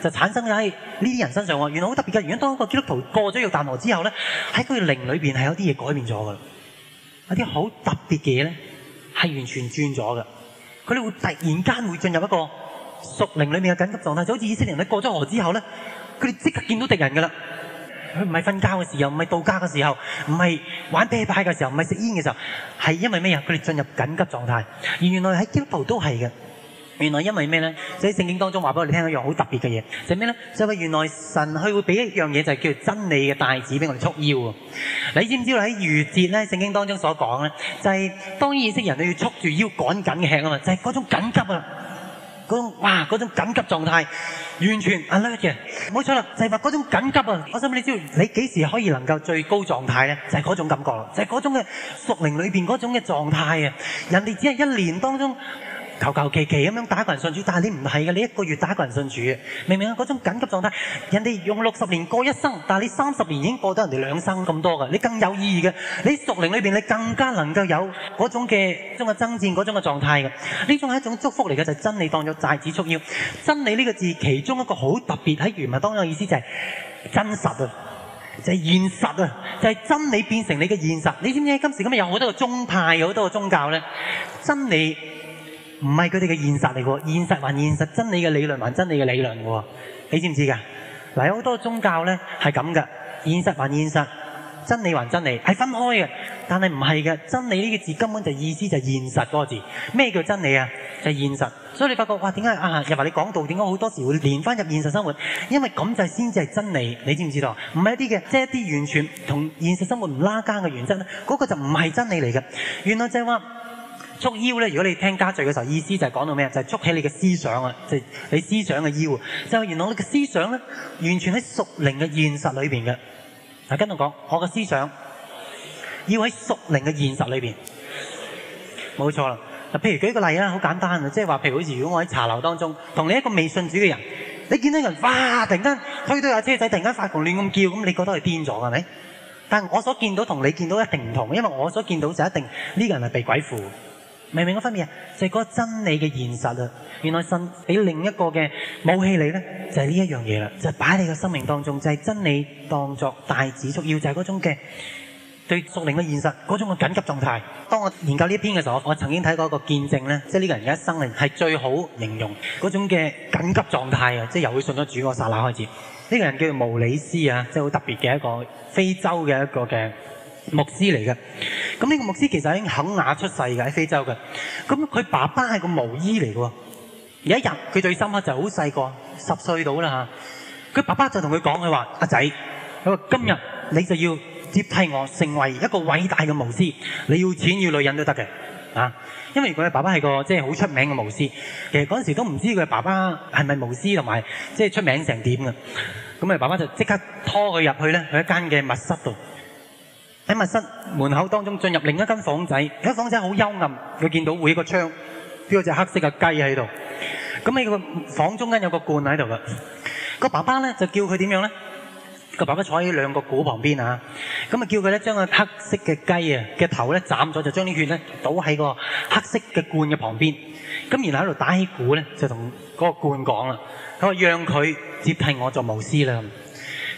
就產生喺呢啲人身上喎。原來好特別嘅原因，當一個基督徒過咗約旦河之後咧，喺佢靈裏邊係有啲嘢改變咗嘅，有啲好特別嘅嘢咧，係完全轉咗嘅。佢哋會突然間會進入一個屬靈裡面嘅緊急狀態，就好似以色列人喺過咗河之後呢，佢哋即刻見到敵人㗎喇。佢唔係瞓覺嘅時候，唔係度假嘅時候，唔係玩啤牌嘅時候，唔係食煙嘅時候，係因為咩呀？佢哋進入緊急狀態。而原來喺基督徒都係嘅，原來因為咩呢？就喺聖經當中話俾我哋聽一樣好特別嘅嘢，就係咩呢？就係話原來神佢會俾一樣嘢，就係叫做真理嘅帶子俾我哋束腰喎。你知唔知道喺逾越節呢，聖經當中所講呢，就係當以色列人你要束住腰，趕緊食吖嘛，就係嗰種緊急呀。嗰種哇，嗰種緊急狀態，完全 alert 嘅，冇錯啦，就係話嗰種緊急啊！我想問你知道，你幾時可以能夠最高狀態呢？就係嗰種感覺，就係嗰種嘅屬靈裏面嗰種嘅狀態啊！人哋只係一年當中。求求其其咁樣打一個人信主，但你唔係嘅，你一個月打一個人信主，明明啊，嗰種緊急狀態，人哋用六十年過一生，但你三十年已經過得人哋兩生咁多㗎。你更有意義㗎，你在熟靈裏面你更加能夠有嗰種嘅嗰種爭戰嗰種嘅狀態嘅。呢種係一種祝福嚟嘅，就是、真理當作帶子束腰。真理呢個字，其中一個好特別喺原文當中嘅意思就係真實啊，就係、是、現實啊，就係、是、真理變成你嘅現實。你知唔知道今時今日有好多個宗派，有好多個宗教呢？真理。唔係佢哋嘅現實嚟喎，現實還現實，真理嘅理論還真理嘅理論喎。你知唔知㗎？嗱，有好多宗教係咁嘅，現實還現實，真理還真理，係分開嘅。但係唔係嘅，真理呢個字根本就意思就係現實嗰個字。咩叫真理啊？就係現實。所以你發覺哇，點解啊？入埋、啊、你講到點解好多時候會連翻入現實生活？因為咁就先至係真理。你知唔知道？唔係一啲嘅，即係一啲完全同現實生活唔拉更嘅原則咧，嗰個就唔係真理嚟嘅。原來就係話。束腰咧，如果你聽家聚嘅時候，意思就係講到咩啊？就係束起你嘅思想啊，即係你思想嘅腰。就原來你嘅思想咧，完全喺屬靈嘅現實裏邊嘅。嗱，跟住講，我嘅思想要喺屬靈嘅現實裏邊，冇錯啦。嗱，譬如舉個例啦，好簡單啊，即係話，譬如如果我喺茶樓當中，同你一個未信主嘅人，你見到人哇，突然間推到架車仔，突然間發狂亂咁叫，咁你覺得佢癲咗係咪？但係我所見到同你見到一定唔同，因為我所見到就一定呢個人係被鬼附。明不明個分別啊？就係、是、嗰個真理嘅現實啦。原來信俾另一個嘅武器裏呢，就係呢一樣嘢啦。就擺喺你嘅生命當中，就係、是、真理當作大指。足要，就係、是、嗰種嘅對屬靈嘅現實嗰種嘅緊急狀態。當我研究呢一篇嘅時候，我曾經睇過一個見證呢，即係呢個人嘅生命係最好形容嗰種嘅緊急狀態啊！即係由佢信咗主嗰剎那開始，呢、這個人叫做毛里斯啊，即係好特別嘅一個非洲嘅一個嘅。牧師嚟嘅，咁呢個牧師其實喺肯亞出世嘅喺非洲嘅，咁佢爸爸係個巫醫嚟嘅。有一日，佢最深刻就係好細個十歲到啦，嚇，佢爸爸就同佢講：佢話阿仔，佢話今日你就要接替我成為一個偉大嘅巫師，你要錢要女人都得嘅啊！因為佢嘅爸爸係個即係好出名嘅巫師，其實嗰陣時都唔知佢爸爸係咪巫師同埋即係出名成點嘅。咁啊爸爸就即刻拖佢入去咧，佢一間嘅密室度。喺密室門口當中進入另一間房仔，呢間房仔好幽暗，佢見到每一個窗，都有一隻黑色嘅雞喺度。咁喺個房中間有個罐喺度嘅，個爸爸呢就叫佢點樣呢？個爸爸坐喺兩個鼓旁邊啊，咁啊叫佢呢將個黑色嘅雞啊嘅頭呢斬咗，就將啲血呢倒喺個黑色嘅罐嘅旁邊。咁然後喺度打起鼓呢，就同嗰個罐講啦。佢話讓佢接替我做巫師啦。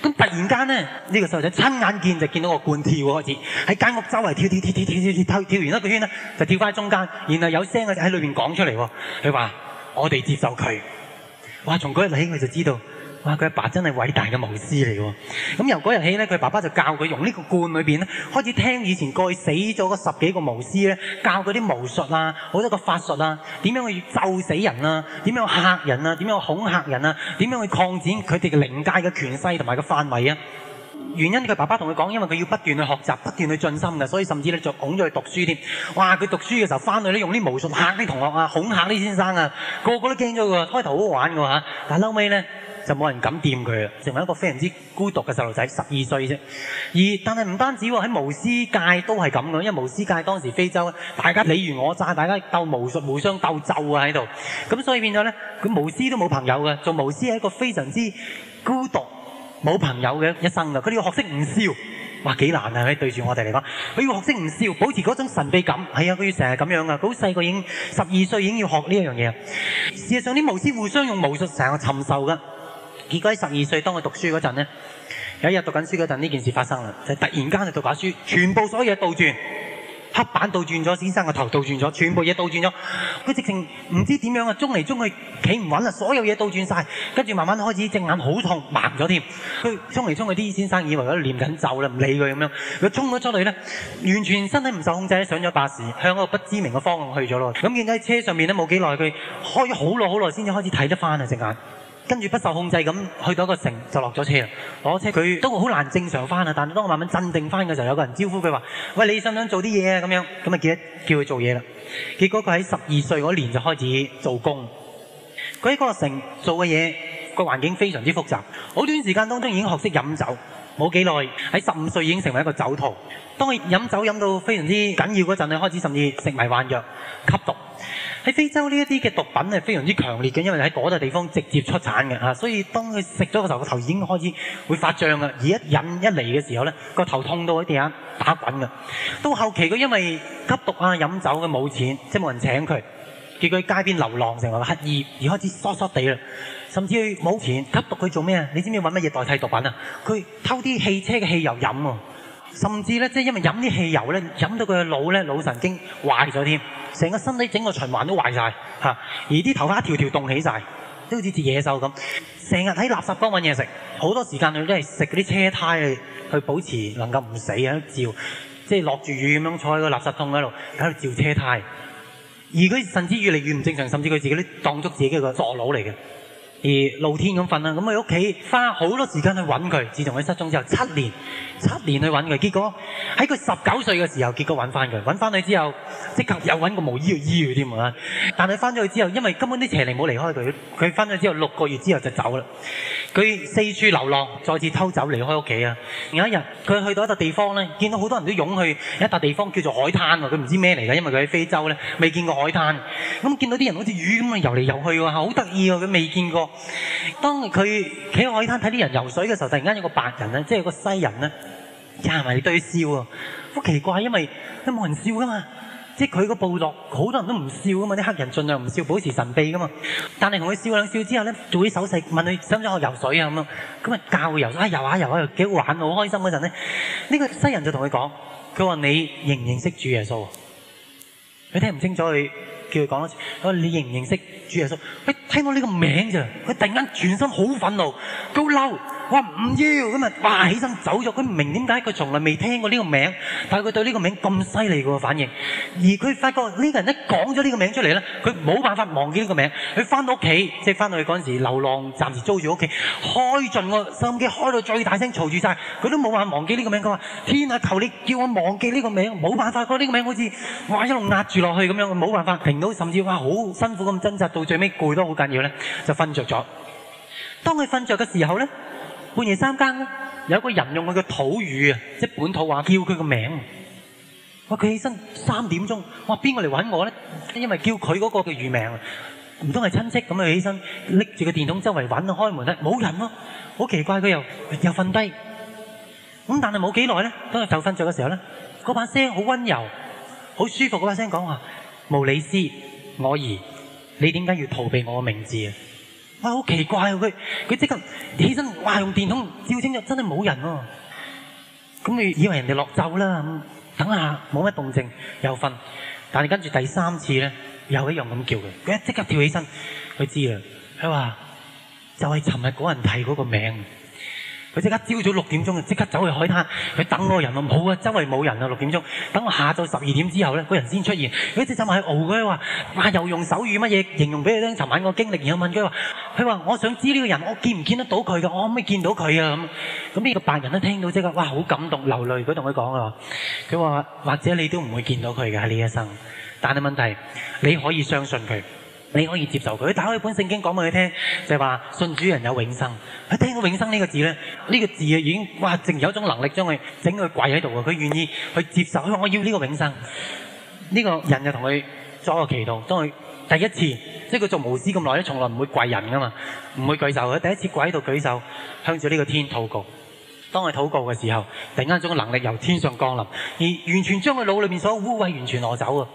咁突然間咧，呢個細仔親眼見就見到我個罐跳，開始喺間屋周圍跳跳跳跳跳跳跳，跳完一個圈咧就跳翻中間，然後有聲嘅就喺裏面講出嚟，佢話我哋接受佢。哇！從嗰日起我就知道。哇！佢阿爸，爸真係偉大嘅巫師嚟喎，咁由嗰日起呢，佢爸爸就教佢用呢個罐裏面咧，開始聽以前過去死咗嗰十幾個巫師呢教佢啲巫術啊，好多個法術啊，點樣去咒死人啊，點樣嚇人啊，點樣恐嚇人啊，點樣去擴展佢哋嘅靈界嘅權勢同埋個範圍啊。原因佢爸爸同佢講，因為佢要不斷去學習，不斷去進心嘅，所以甚至咧著拱咗去讀書添。哇！佢讀書嘅時候翻去呢，用啲巫術嚇啲同學啊，恐嚇啲先生啊，個個都驚咗佢，開頭好玩㗎，但係後尾呢。就冇人敢掂佢，成為一個非常之孤獨嘅細路仔，十二歲啫。而但係唔單止喎，喺巫師界都係咁樣，因為巫師界當時非洲，大家你虞我詐，大家鬥巫術、互相鬥咒喺度。咁所以變咗呢，佢巫師都冇朋友嘅，做巫師係一個非常之孤獨、冇朋友嘅一生嘅。佢要學識唔笑，哇幾難啊！對住我哋嚟講，佢要學識唔笑，保持嗰種神秘感。係呀，佢要成日咁樣啊。好細個已經十二歲已經要學呢樣樣嘢。事實上，啲巫師互相用巫術成日尋仇㗎。結果喺十二歲，當我讀書嗰陣咧，有一日讀緊書嗰陣，呢件事發生啦，就突然間就讀把書，全部所有嘢倒轉，黑板倒轉咗，先生個頭倒轉咗，全部嘢倒轉咗。佢直情唔知點樣啊，衝嚟衝去企唔穩啦，所有嘢倒轉晒。跟住慢慢開始隻眼好痛，盲咗添。佢衝嚟衝去，啲先生以為佢念緊咒啦，唔理佢咁樣。佢衝咗出嚟咧，完全身體唔受控制，上咗巴士向個不知名嘅方向去咗咯。咁見到喺車上面咧，冇幾耐，佢開咗好耐好耐先至開始睇得翻啊隻眼。跟住不受控制咁去到一個城就落咗車啦，落咗車，佢都好難正常翻啊！但係當我慢慢鎮定翻嘅時候，有個人招呼佢話：喂，你想唔想做啲嘢啊？咁樣咁啊，就叫佢做嘢啦。結果佢喺十二歲嗰年就開始做工，佢喺嗰個城做嘅嘢個環境非常之複雜，好短時間當中已經學識飲酒，冇幾耐喺十五歲已經成為一個酒徒。當佢飲酒飲到非常之緊要嗰陣，佢開始甚至食埋迷幻藥吸毒。喺非洲呢啲嘅毒品係非常之強烈嘅，因為喺嗰笪地方直接出產嘅，所以當佢食咗個時候，個頭已經開始會發脹啊！而一飲一嚟嘅時候呢，個頭痛到喺地下打滾嘅。到後期佢因為吸毒啊、飲酒，佢冇錢，即係冇人請佢，結果喺街邊流浪成個乞兒，而開始疏疏地啦。甚至佢冇錢吸毒他幹嘛，佢做咩？你知唔知揾乜嘢代替毒品啊？佢偷啲汽車嘅汽油飲喎。甚至呢，即係因為飲啲汽油呢，飲到佢嘅腦呢，腦神經壞咗添，成個身體整個循環都壞晒。嚇，而啲頭髮一條條棟起晒，都好似隻野獸咁，成日喺垃圾缸揾嘢食，好多時間佢都係食嗰啲車胎去保持能夠唔死喺度照，即係落住雨咁樣坐喺個垃圾桶喺度喺度照車胎，而佢甚至越嚟越唔正常，甚至佢自己都當足自己個傻佬嚟嘅。而露天咁瞓啦，咁佢屋企花好多時間去揾佢。自從佢失蹤之後七年，七年去揾佢，結果喺佢十九歲嘅時候，結果揾返佢。揾返佢之後，即刻又揾個巫醫去醫佢添啊！但係返咗去之後，因為根本啲邪靈冇離開佢，佢返咗之後六個月之後就走啦。佢四處流浪，再次偷走離開屋企啊！有一日，佢去到一笪地方呢，見到好多人都湧去一笪地方叫做海灘喎。佢唔知咩嚟嘅，因為佢喺非洲呢，未見過海灘。咁見到啲人好似魚咁啊，游嚟游去喎，好得意喎，佢未見過。當佢企喺海灘睇啲人游水嘅時候，突然間有個白人咧，即係有個西人咧，加埋對佢笑，好奇怪，因為都冇人笑噶嘛，即係佢個部落好多人都唔笑噶嘛，啲黑人盡量唔笑，保持神秘噶嘛。但係同佢笑兩笑之後咧，做啲手勢問佢想唔想學游水啊咁樣，咁啊教佢游水，啊游下、啊、游下又幾好玩，好開心嗰陣咧，呢、呢個西人就同佢講，佢話你認唔認識主耶穌？佢聽唔清楚。佢他說一次，我話：“你認唔認識主耶穌？”佢聽到呢個名字，佢突然間轉身好憤怒，好嬲。我話唔要，咁啊，爬起身走咗。佢唔明點解，佢從來未聽過呢個名，但係佢對呢個名咁犀利嘅反應。而佢發覺呢個人一講咗呢個名出嚟咧，佢冇辦法忘記呢個名。佢返到屋企，即係返到去嗰陣時流浪，暫時租住屋企，開盡個收音機，開到最大聲嘈住曬，佢都冇辦法忘記呢個名。佢話：天啊，求你叫我忘記呢個名，冇辦法，嗰個名好似哇一路壓住落去咁樣，冇辦法停到，甚至話好辛苦咁掙扎到最尾攰到好緊要咧，就瞓著咗。當佢瞓著嘅時候咧。半夜三更，有個人用佢嘅土語啊，即係本土話，叫佢個名。哇！佢起身三點鐘，哇！邊個嚟揾我咧？因為叫佢嗰個嘅語名，唔通係親戚咁啊？起身拎住個電筒周圍揾開門咧，冇人喎，好奇怪，佢又又瞓低。咁但係冇幾耐咧，當佢就瞓著嘅時候咧，嗰把聲好溫柔、好舒服嗰把聲講話：「莫里斯，我兒，你點解要逃避我嘅名字？哇！好奇怪喎，佢佢即刻起身，哇！用電筒照清楚，真係冇人喎。咁佢以為人哋落咒啦。咁等下冇乜動靜，又瞓。但係跟住第三次咧，又一樣咁叫佢，佢即刻跳起身，佢知啦。佢話就係尋日嗰人提嗰個名。佢即刻朝早六點鐘，即刻走去海灘佢等我人喎，冇啊，周圍冇人喇。六點鐘。等我下晝十二點之後呢，嗰人先出現。佢即刻問佢敖嘅話，話又用手語乜嘢形容俾你聽，尋晚個經歷。然後問佢話，佢話我想知呢個人，我見唔見得到佢㗎？我可唔可以見到佢啊？咁呢、呢個白人都聽到即刻，哇！好感動，流淚。佢同佢講啊，佢話或者你都唔會見到佢嘅喺呢一生，但係問題你可以相信佢。你可以接受佢，佢打開一本聖經講俾佢聽，就係話信主人有永生。佢聽到永生呢個字咧，呢個字啊已經哇，淨有一種能力將佢整佢跪喺度嘅，佢願意去接受。佢話我要呢個永生。呢個人就同佢做一個祈禱，當佢第一次，即係佢做巫師咁耐咧，從來唔會跪人噶嘛，唔會舉手。佢第一次跪喺度舉手，向住呢個天禱告。當佢禱告嘅時候，突然間一種能力由天上降臨，而完全將佢腦裏邊所有污穢完全挪走啊！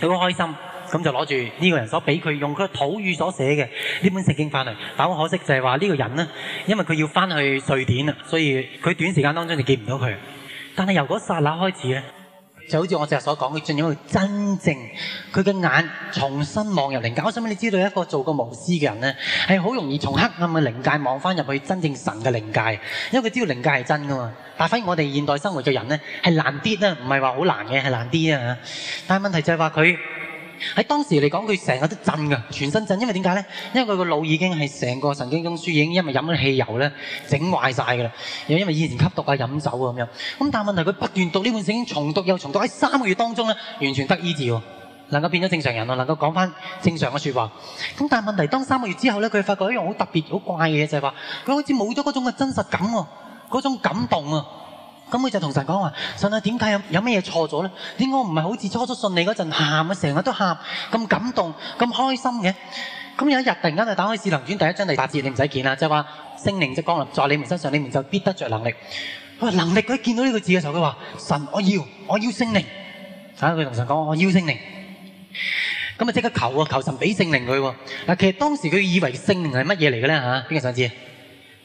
佢好開心。咁就攞住呢個人所俾佢用佢土語所寫嘅呢本聖經返嚟，但好可惜就係話呢個人呢因為佢要返去瑞典所以佢短時間當中就見唔到佢。但係由嗰剎那開始呢就好似我昨日所講，嘅，進入一個真正佢嘅眼重新望入靈界。我想問你知道一個做過巫師嘅人呢，係好容易從黑暗嘅靈界望返入去真正神嘅靈界，因為佢知道靈界係真㗎嘛。但反而我哋現代生活嘅人呢，係難啲啦，唔係話好難嘅係難啲啊。但係問題就係話佢。喺當時嚟講，佢成個都震嘅，全身震。因為點解呢？因為佢個腦已經係成個神經中樞已經，因為飲咗汽油呢，整壞晒嘅啦。又因為以前吸毒啊、飲酒啊咁樣。咁但係問題佢不斷讀呢本書，重讀又重讀。喺三個月當中呢，完全得醫治喎，能夠變咗正常人喎，能夠講返正常嘅説話。咁但係問題當三個月之後呢，佢發覺一樣好特別、好怪嘅嘢就係話，佢好似冇咗嗰種嘅真實感喎，嗰種感動啊。咁佢就同神講話，神啊，點解有有乜嘢錯咗呢？咧？應該我唔係好似初初信你嗰陣喊啊，成日都喊咁感動、咁開心嘅。咁有一日突然間啊，打開《使能卷》第一章八字你唔使見啦，就話聖靈即降臨在你們身上，你們就必得着能力。哇！能力佢見到呢個字嘅時候，佢話神，我要，我要聖靈。啊，佢同神講，我要聖靈。咁啊，即刻求喎，求神俾聖靈佢喎。其實當時佢以為聖靈係乜嘢嚟嘅呢？邊個想知？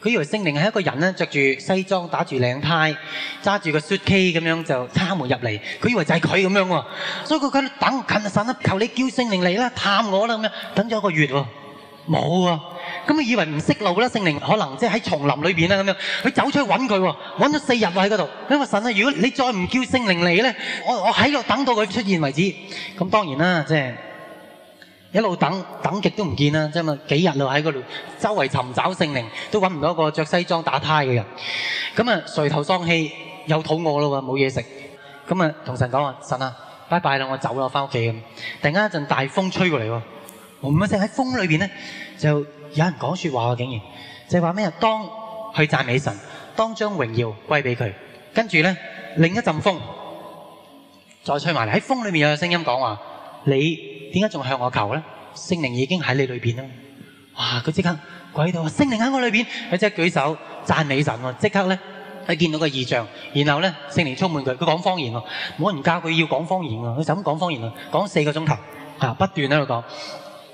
佢以為聖靈係一個人咧，著住西裝，打住領呔，揸住個雪茄咁樣就敲門入嚟。佢以為就係佢咁樣喎，所以佢等近神，求你叫聖靈嚟啦，探我啦咁樣。等咗一個月喎，冇喎、啊。咁佢以為唔識路啦，聖靈可能即係喺叢林裏面啦咁樣。佢走出去揾佢喎，揾咗四日喺嗰度。佢話神啊，如果你再唔叫聖靈嚟呢，我喺度等到佢出現為止。咁當然啦，即係。一路等等極都唔見啦，幾日喺嗰度周圍尋找聖靈，都搵唔到個著西裝打呔嘅人。點解仲向我求咧？聖靈已經喺你裏邊啦！哇！佢即刻跪到啊！聖靈喺我裏邊，佢即係舉手讚美神喎！即刻咧，佢見到個異象，然後咧，聖靈充滿佢，佢講方言喎。冇人教佢要講方言喎，佢就咁講方言喎，講四個鐘頭嚇，不斷喺度講。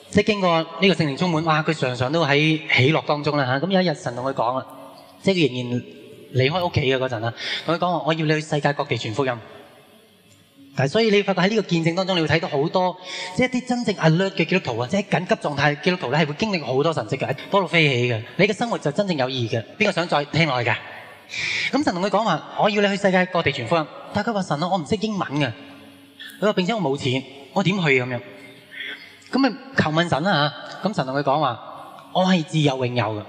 即經過呢個聖靈充滿，哇！佢常常都喺喜樂當中啦嚇。咁有一日，神同佢講啊，即佢仍然離開屋企嘅嗰陣啦，同佢講話：我要你去世界各地傳福音。係，所以你發覺喺呢個見證當中，你會睇到好多，即係一啲真正 alert 嘅基督徒啊，即係緊急狀態基督徒咧係會經歷過好多神跡嘅，多到飛起嘅，你嘅生活就真正有意義嘅。邊個想再聽落去㗎？咁神同佢講話，我要你去世界各地傳福音。但係佢話神啊，我唔識英文嘅，佢話並且我冇錢，我點去咁樣？咁咪求問神啦嚇。咁神同佢講話，我係自有永有嘅。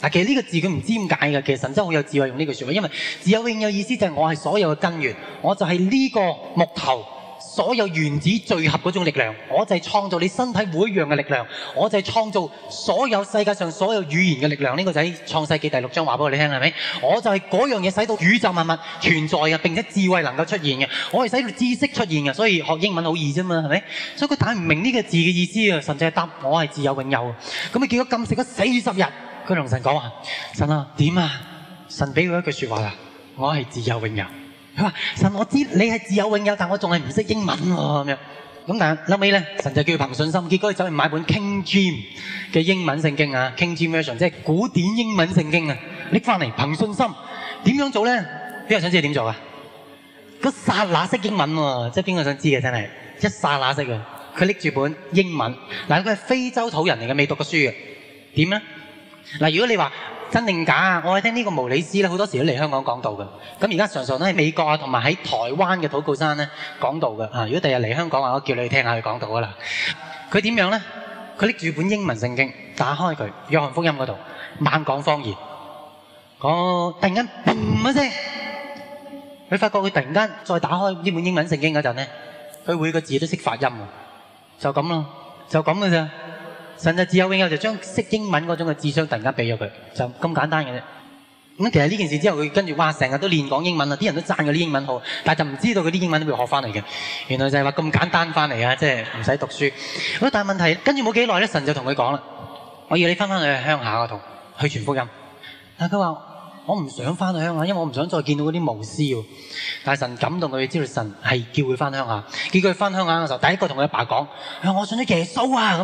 其實呢個字佢唔知點解嘅，其實神真好有智慧用呢句説話，因為自有永有意思就係我係所有嘅根源，我就係呢個木頭所有原子聚合嗰種力量，我就係創造你身體每一樣嘅力量，我就係創造所有世界上所有語言嘅力量。呢、這個就係《創世記》第六章話俾我哋聽，係咪？我就係嗰樣嘢使到宇宙萬物存在嘅，並且智慧能夠出現嘅，我係使到知識出現嘅，所以學英文好易啫嘛，係咪？所以佢睇唔明呢個字嘅意思啊，神就答我係自有永有。咁啊，結果禁食咗四十日。佢同神講話：神啊，點啊？神俾佢一句説話啦，我係自由永有。佢話：神，我知你係自由永有，但我仲係唔識英文喎咁樣。咁但係後尾咧，神就叫佢憑信心，結果佢走去買本 King James 嘅英文聖經啊，King James 即係古典英文聖經啊，拎翻嚟憑信心點樣做咧？邊個想知點做啊？嗰剎那識英文喎，即係邊個想知嘅真係一剎那識嘅？佢拎住本英文，嗱佢係非洲土人嚟嘅，未讀過書嘅，點咧？嗱，如果你話真定假啊，我係聽呢個毛里斯咧，好多時都嚟香港講道嘅。咁而家常常都喺美國啊，同埋喺台灣嘅禱告山咧講道嘅。啊，如果第二日嚟香港啊，我叫你去聽下佢講道嘅啦。佢點樣咧？佢拎住本英文聖經，打開佢《約翰福音》嗰度，猛講方言。哦，突然間，砰一聲，佢發覺佢突然間再打開呢本英文聖經嗰陣咧，佢每個字都識發音喎。就噉囉，就噉嘅咋。神就自有永有，就將識英文嗰種嘅智商突然間俾咗佢，就咁簡單嘅啫。咁其實呢件事之後，佢跟住哇，成日都練講英文啦，啲人都讚佢啲英文好，但係就唔知道佢啲英文點學翻嚟嘅。原來就係話咁簡單翻嚟啊，即係唔使讀書。好，但係問題跟住冇幾耐咧，神就同佢講啦：我要你翻返去鄉下嗰度去傳福音。但係佢話。我唔想翻去鄉下，因為我唔想再見到嗰啲巫師喎。但係神感動到佢，知道神係叫佢翻鄉下。結果翻鄉下嘅時候，第一個同佢阿爸講，啊，我信咗耶穌啊！咁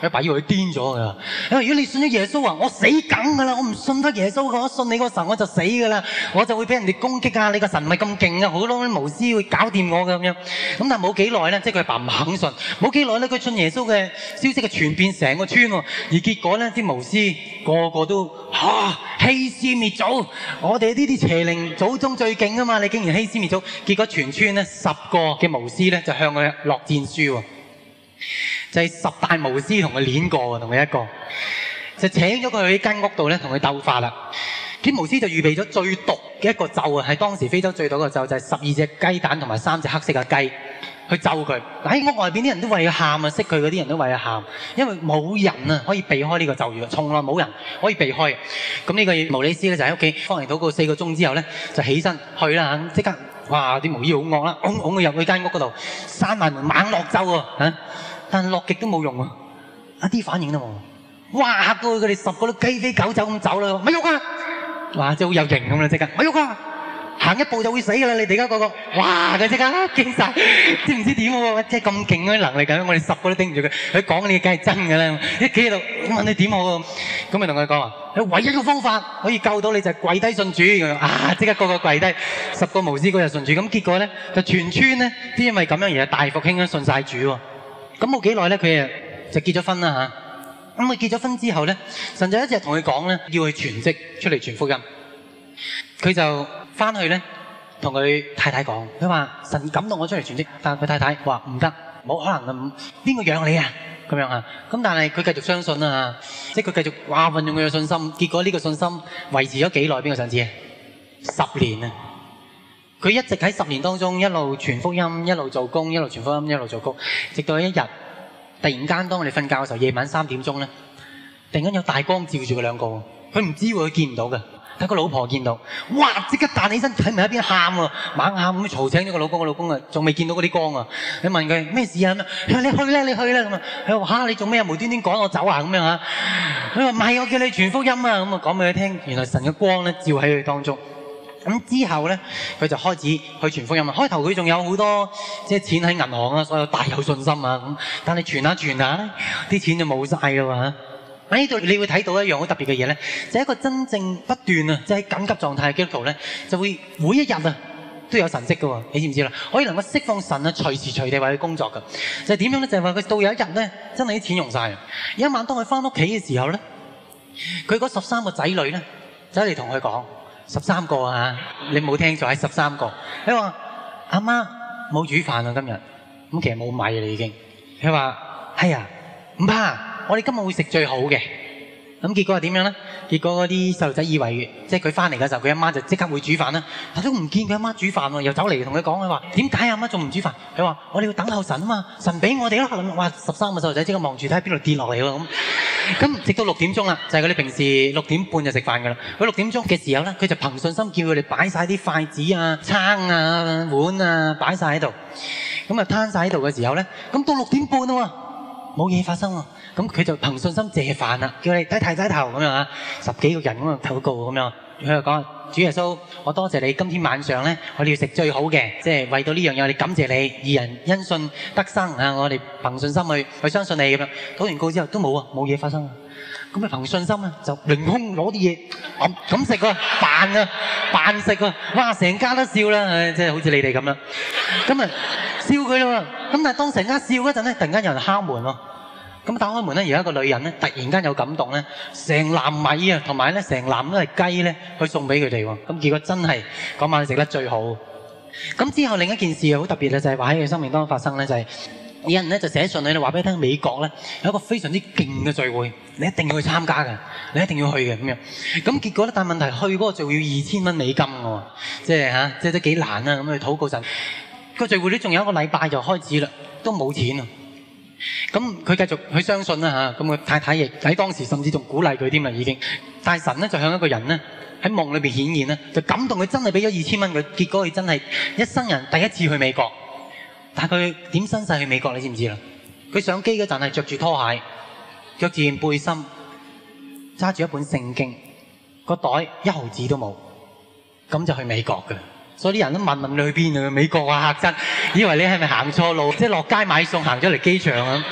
佢阿爸以為佢癲咗㗎。因為如果你信咗耶穌啊，我死梗㗎啦，我唔信得耶穌㗎，我信你個神我就死㗎啦，我就會俾人哋攻擊㗎。你個神咪咁勁㗎，好多啲巫師會搞掂我㗎咁樣。咁但係冇幾耐咧，即係佢阿爸唔肯信。冇幾耐咧，佢信耶穌嘅消息就傳遍成個村喎。而結果咧，啲巫師個個都嚇欺師滅祖。哦、我哋呢啲邪靈祖宗最勁啊嘛，你竟然欺師滅祖，結果全村咧十個嘅巫師咧就向佢落戰書，就係十大巫師同佢碾過，同佢一個，就請咗佢去間屋度咧同佢鬥法啦。啲巫師就預備咗最毒嘅一個咒啊，係當時非洲最毒嘅咒就係十二隻雞蛋同埋三隻黑色嘅雞。去咒佢，喺屋外邊啲人都為佢喊啊，識佢嗰啲人都為佢喊，因為冇人啊可以避開呢個咒語，從來冇人可以避開嘅。咁呢個毛利斯呢，就喺屋企荒涼到個四個鐘之後呢，就起身去啦，即刻哇啲巫醫好惡啦，㧬佢入去間屋嗰度，閂埋門猛落咒喎嚇，但落極都冇用啊！一啲反應都冇，哇嚇到佢哋十個都雞飛狗走咁走啦，冇用啊，哇即係好有型咁啦，即刻冇用啊！行一步就會死㗎喇。你哋而家個個，嘩，佢即刻驚晒，知唔知點喎？即係咁勁嘅能力，我哋十個都頂唔住佢。佢講嘅嘢梗係真㗎喇，一企喺度，問你點好？咁咪同佢講話，唯一嘅方法可以救到你，就係跪低信主。啊，即刻個個跪低，十個巫師就信主。咁結果呢，就全村呢都因為咁樣而大復興，都信晒主喎。咁冇幾耐呢，佢就結咗婚喇吓。咁佢結咗婚之後呢，神就有一日同佢講呢，要佢全職出嚟傳福音。佢就翻去咧，同佢太太講，佢話神感動我出嚟傳職，但係佢太太話唔得，冇可能嘅，邊個養你啊？咁樣啊，咁但係佢繼續相信啊，即係佢繼續哇運用佢嘅信心，結果呢個信心維持咗幾耐？邊個想知啊？十年啊！佢一直喺十年當中一路傳福音，一路做工，一路傳福音，一路做工，直到一日突然間當我哋瞓覺嘅時候，夜晚三點鐘咧，突然間有大光照住佢兩個，佢唔知喎，佢見唔到嘅。睇個老婆見到，哇！即刻彈起身，喺埋一邊喊喎，猛喊咁嘈醒咗個老公。個老公啊，仲未見到嗰啲光啊！你問佢咩事啊？佢話：你去啦，你去啦！咁佢話你做咩啊？無端端趕我走啊？咁樣嚇！佢話唔係，我叫你傳福音啊！咁啊，講俾佢聽，原來神嘅光呢照喺佢當中。咁之後呢，佢就開始去傳福音啦。開頭佢仲有好多即係錢喺銀行啊，所以大有信心啊咁。但係傳下傳下，呢，啲錢就冇曬噶啦。喺度你會睇到一樣好特別嘅嘢咧，就係一個真正不斷啊，就係緊急狀態基督徒咧，就會每一日啊都有神跡嘅喎，你知唔知啦？可以能夠釋放神啊，隨時隨地為佢工作㗎。就係點樣咧？就係話佢到有一日咧，真係啲錢用晒。有一晚當佢翻屋企嘅時候咧，佢嗰十三個仔女咧走嚟同佢講：十三個啊，你冇聽錯，係十三個。佢話：阿媽冇煮飯啊，今日咁其實冇米啦已經。佢話：係啊，唔怕。我哋今日會食最好嘅，咁、嗯、結果係點樣呢？結果嗰啲細路仔以為，即係佢翻嚟嘅時候，佢阿媽就即刻會煮飯啦。但係都唔見佢阿媽煮飯喎，又走嚟同佢講，佢話：點解阿媽仲唔煮飯？佢話：我哋要等候神啊嘛，神俾我哋咯。哇！十三個細路仔即刻望住，睇邊度跌落嚟喎咁。嗯、直到六點鐘啦，就係佢哋平時六點半就食飯噶啦。佢六點鐘嘅時候呢，佢就憑信心叫佢哋擺曬啲筷子啊、餐啊、碗啊擺曬喺度。咁在攤曬喺度嘅時候呢，咁到六點半喎，冇嘢發生喎。咁佢就憑信心謝飯啦，叫你哋低低頭咁樣啊，十幾個人咁樣禱告咁樣，佢就講主耶穌，我多謝你，今天晚上咧，我哋要食最好嘅，即係為到呢樣嘢，我哋感謝你，二人因信得生啊！我哋憑信心去去相信你咁樣，禱完告之後都冇啊，冇嘢發生啊，咁啊憑信心啊就凌空攞啲嘢，咁食個飯啊飯食啊，哇！成家都笑啦，唉，即係好似你哋咁啦，咁啊笑佢啦，咁但係當成家笑嗰陣咧，突然間有人敲門咯。咁打開門咧，而家個女人咧，突然間有感動咧，成籃米啊，同埋咧，成籃都係雞咧，去送俾佢哋喎。咁結果真係嗰晚食得最好。咁之後另一件事好特別咧，就係話喺佢生命當中發生咧，就係有人咧就寫信嚟咧話俾佢聽，美國咧有一個非常之勁嘅聚會，你一定要去參加嘅，你一定要去嘅咁樣。咁結果咧，但係問題去嗰個聚會要二千蚊美金嘅喎，即係吓，即係都幾難啦。咁佢禱告神，個聚會咧仲有一個禮拜就開始啦，都冇錢啊！咁佢繼續去相信啦吓，咁佢太太亦喺當時甚至仲鼓勵佢添啦已經。但神咧就向一個人咧喺夢裏邊顯現咧，就感動佢真係俾咗二千蚊佢，結果佢真係一生人第一次去美國。但係佢點身世去美國你知唔知啦？佢上機嗰陣係着住拖鞋，着住背心，揸住一本聖經，個袋一毫子都冇，咁就去美國噶。所以啲人都問問你去邊啊？美國啊嚇親，以為你係咪行錯路？即係落街買餸行咗嚟機場咁。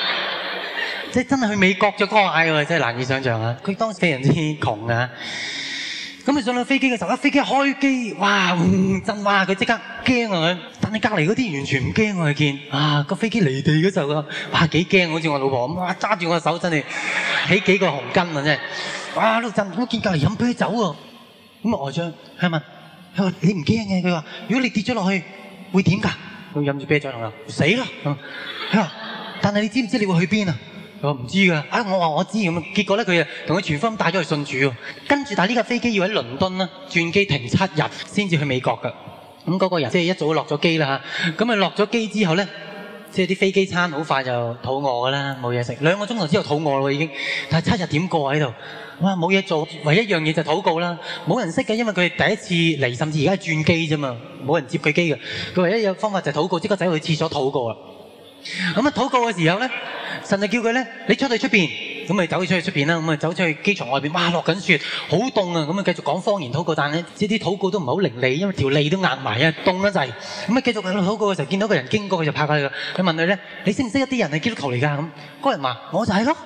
即係真係去美國咗怪喎，真係難以想像啊！佢當時非常之窮啊。咁你上到飛機嘅時候，一飛機開機，哇！真哇！佢即刻驚啊！但係隔離嗰啲完全唔驚啊！見啊個飛機離地嗰時候，哇，幾驚！好似我老婆咁啊，揸住我手真係起幾個紅筋啊！真係哇都真，我見隔離飲啤酒喎，咁我話張係咪？佢話：你唔驚嘅，佢話：如果你跌咗落去，會點㗎？佢飲住啤酒同佢：死啦！佢話： 但係你知唔知你會去邊啊、哎？我唔知㗎。啊，我話我知咁啊。結果呢，佢同佢全方咁帶咗去信主喎。跟住，但呢架飛機要喺倫敦啦，轉機停七日先至去美國㗎。咁、那、嗰個人即係一早落咗機啦嚇。咁啊落咗機之後呢。即係啲飛機餐好快就肚餓㗎啦，冇嘢食，兩個鐘頭之後肚餓啦已經，但係七日點過喺度，哇，冇嘢做，唯一樣嘢就禱告啦，冇人識嘅，因為佢係第一次嚟，甚至而家係轉機啫嘛，冇人接佢機嘅，佢唯一嘅方法就禱告，即刻走去廁所禱告啊，咁啊禱告嘅時候咧，神就叫佢咧，你出去出面。咁咪走出去出邊啦，咁咪走出去機場外邊，哇落緊雪，好凍啊！咁咪繼續講方言禱告，但係咧，即係啲禱告都唔係好伶俐，因為條脷都硬埋啊，凍得滯。咁咪繼續喺度禱告嘅時候，見到一個人經過，佢就拍下佢，佢問佢咧：你識唔識一啲人係基督徒嚟㗎？咁嗰人話：我就係咯。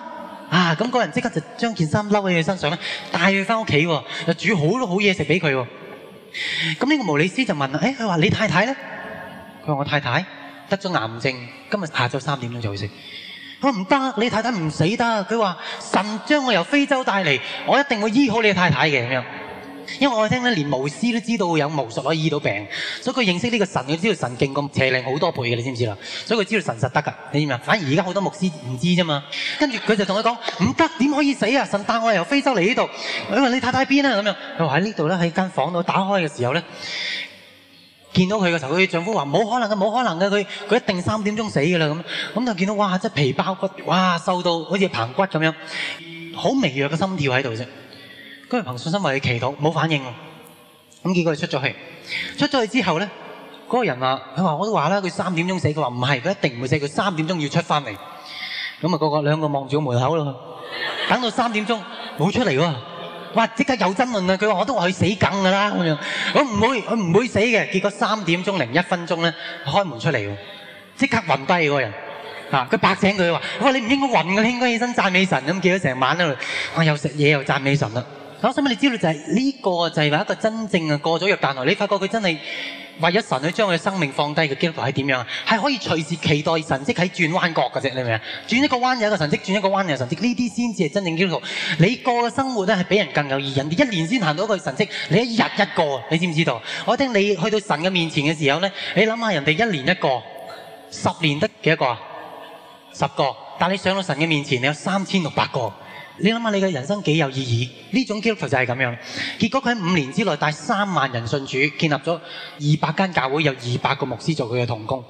啊，咁嗰人即刻就將件衫摟喺佢身上咧，帶佢翻屋企喎，又煮好多好嘢食俾佢喎。咁呢個毛里斯就問：誒，佢話你太太咧？佢話我太太得咗癌症，今日下晝三點鐘就會死。佢話唔得，你太太唔死得。佢話神將我由非洲帶嚟，我一定會醫好你嘅太太嘅咁樣。因為我聽呢，連巫師都知道有巫術可以醫到病，所以佢認識呢個神，佢知道神勁過邪靈好多倍嘅，你知唔知啦？所以佢知道神實得㗎。你知唔知啊？反而而家好多牧師唔知咋嘛。他就跟住佢就同佢講唔得，點可以死呀？神帶我由非洲嚟呢度，佢話你太太邊啊咁樣。佢話喺呢度呢，喺間房度打開嘅時候呢。見到佢嘅時候，佢丈夫話：冇可能嘅，冇可能嘅，佢佢一定三點鐘死嘅啦咁。咁就見到，哇！真係皮包骨，哇！瘦到好似棚骨咁樣，好微弱嘅心跳喺度啫。咁啊，憑信心為佢祈禱，冇反應。咁結果佢出咗去，出咗去之後咧，嗰個人話：佢話我都話啦，佢三點鐘死。佢話唔係，佢一定唔會死，佢三點鐘要出翻嚟。咁啊，個個兩個望住個門口咯，等到三點鐘，冇出嚟喎。哇！即刻有爭論啦，佢話，我都話佢死梗㗎啦，佢唔會，我唔會死嘅。結果三點鐘零一分鐘呢，開門出嚟，即刻暈低嗰個人。佢、啊、白請佢話，我話你唔應該暈㗎，你應該起身讚美神咁，記咗成晚喺度、啊，我又食嘢又讚美神啦。我想問你知道就係呢個就係話一個真正嘅過咗約旦河後，你發覺佢真係為咗神去將佢嘅生命放低嘅基督徒係點樣嘅？係可以隨時期待神跡喺轉彎角嘅啫，你明唔明？轉一個彎有一個神跡，轉一個彎有神跡，呢啲先至係真正嘅基督徒。你過嘅生活呢，係比人更有意義，人哋一年先行到一個神跡，你一日一個，你知唔知道？我聽你去到神嘅面前嘅時候呢，你諗下人哋一年一個，十年得幾多個啊？十個，但你上到神嘅面前，你有三千六百個。你諗下，你嘅人生幾有意義？呢種基督徒就係咁樣，結果佢喺五年之內帶三萬人信主，建立咗二百間教會，有二百個牧師做佢嘅同工。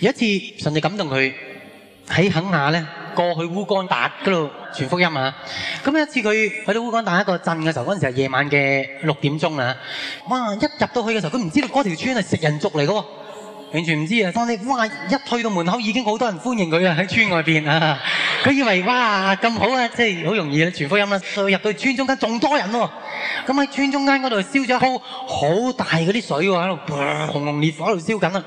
有一次甚至感動佢喺肯亞呢過去烏干達嗰度傳福音啊。咁有一次佢去到烏干達一個鎮嘅時候，嗰陣時係夜晚嘅六點鐘啊。哇！一入到去嘅時候，佢唔知道嗰條村係食人族嚟嘅喎。完全唔知啊！你哇，一去到門口已經好多人歡迎佢啊！喺村外邊啊，佢以為嘩，咁好啊，即係好容易傳福音啦。入到村中間仲多人喎，哦，咁喺村中間嗰度燒咗一煲好大嗰啲水喎，喺度砰，熊熊烈火喺度燒緊啊！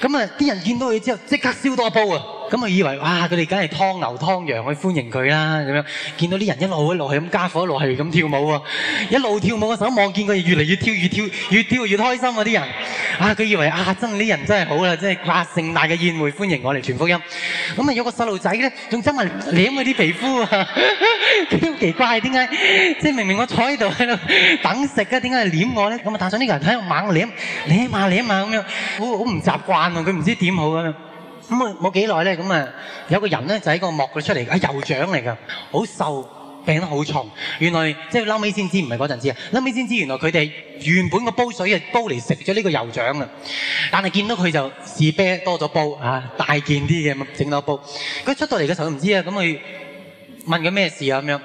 咁啊，啲人見到佢之後即刻燒多一煲啊！咁啊，以為哇！佢哋梗係劏牛劏羊去歡迎佢啦，咁樣見到啲人一路一路咁加火，一路咁跳舞喎，一路跳舞嘅時候望見佢越嚟越跳，越跳越跳越開心啊！啲人啊，佢以為啊，真係啲人真係好啦，即係盛大嘅宴會歡迎我嚟傳福音。咁啊，有個細路仔咧，仲真係舐佢啲皮膚啊，幾奇怪？點解即係明明我坐喺度喺度等食嘅，點解嚟舔我咧？咁啊，但係呢個人喺度猛舔舔啊舔啊咁樣，我好唔習慣啊，佢唔知點好咁樣。咁啊冇幾耐咧，咁啊有個人咧就喺個幕度出嚟，啊，酋長嚟㗎，好瘦，病得好重。原來即係撈尾先知唔係嗰陣知，撈尾先知原來佢哋原本個煲水係煲嚟食咗呢個酋長啊，但係見到佢就士啤多咗煲啊大件啲嘅咁整到煲。佢出到嚟嘅時候唔知啊，咁佢問佢咩事啊咁樣，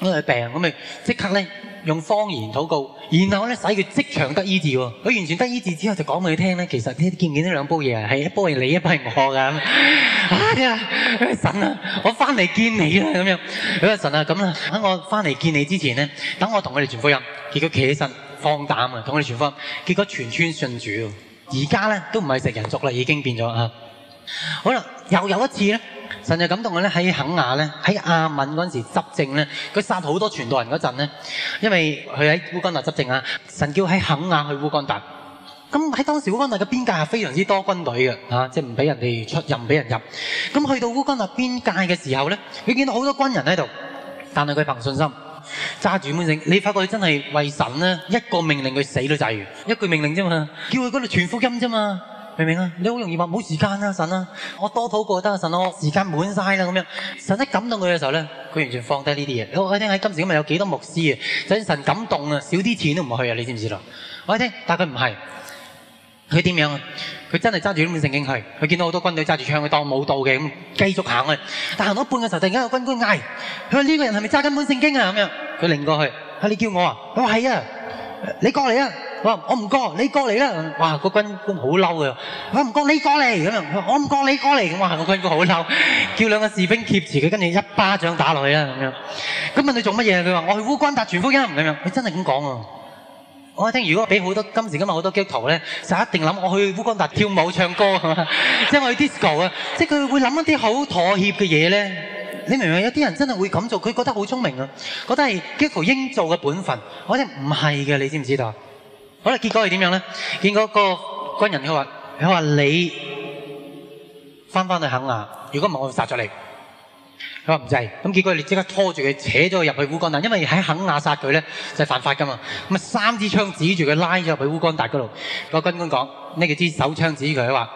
咁啊病咁咪即刻咧。用方言禱告，然後呢，使佢即場得醫治喎。佢完全得醫治之後，就講畀佢聽呢。其實咧，見唔見得兩包嘢係一包係你，一包係我㗎。啊、哎、呀，神啊，我返嚟見你啦咁樣。嗰個神啊，咁啊，喺我返嚟見你之前呢，等我同佢哋傳福音。結果企起身放膽啊，同佢哋傳福音。結果全村信主。而家呢，都唔係食人族啦，已經變咗啊。好啦，又有一次呢。神就感動我咧，喺肯亞咧，喺阿敏嗰陣時執政咧，佢殺好多傳道人嗰陣咧，因為佢喺烏干達執政啊。神叫喺肯亞去烏干達，咁喺當時烏干達嘅邊界係非常之多軍隊嘅嚇，即係唔俾人哋出，任俾人入。咁去到烏干達邊界嘅時候咧，佢見到好多軍人喺度，但係佢憑信心揸住本聖，你發覺佢真係為神咧一個命令佢死都制嘅，一句命令啫嘛，叫佢嗰度傳福音啫嘛。明唔明啊？你好容易話冇時間啊，神啊！我多禱告得啊，神啊我時間滿曬啦咁樣。神一感動佢嘅時候咧，佢完全放低呢啲嘢。我喺聽喺今時今日有幾多牧師啊？就神感動啊，少啲錢都唔去啊！你知唔知咯？我喺聽，但佢唔係。佢點樣？佢真係揸住一本聖經去。佢見到好多軍隊揸住槍去當武道嘅咁，繼續行去。但行到一半嘅時候，突然間有軍官嗌，佢話呢個人係咪揸緊本聖經啊？咁樣，佢擰過去，嚇你叫我啊？佢話係啊。你過嚟啦！我我唔過，你過嚟啦！哇！個軍官好嬲嘅，我唔過，你過嚟咁樣。我唔過，你過嚟咁啊！個軍官好嬲，叫兩個士兵劫持佢，跟住一巴掌打落去啦咁樣。咁問你做乜嘢？佢話我去烏干達傳福音咁樣。佢真係咁講喎。我聽聽，如果俾好多今時今日好多基督徒咧，就一定諗我去烏干達跳舞唱歌，即 係我去 disco 啊！即係佢會諗一啲好妥協嘅嘢咧。你明唔明？有啲人真係會咁做，佢覺得好聰明啊，覺得係幾乎應做嘅本分。我哋唔係嘅，你知唔知道？好啦，結果係點樣咧？結果個軍人佢話：佢話你翻返去肯亞，如果唔係我會殺咗你。佢話唔制，咁結果你即刻拖住佢，扯咗佢入去烏干達，因為喺肯亞殺佢咧就係犯法㗎嘛。咁啊三支槍指住佢，拉咗入去烏干達嗰度。個軍官講：呢幾支手槍指住佢，佢話。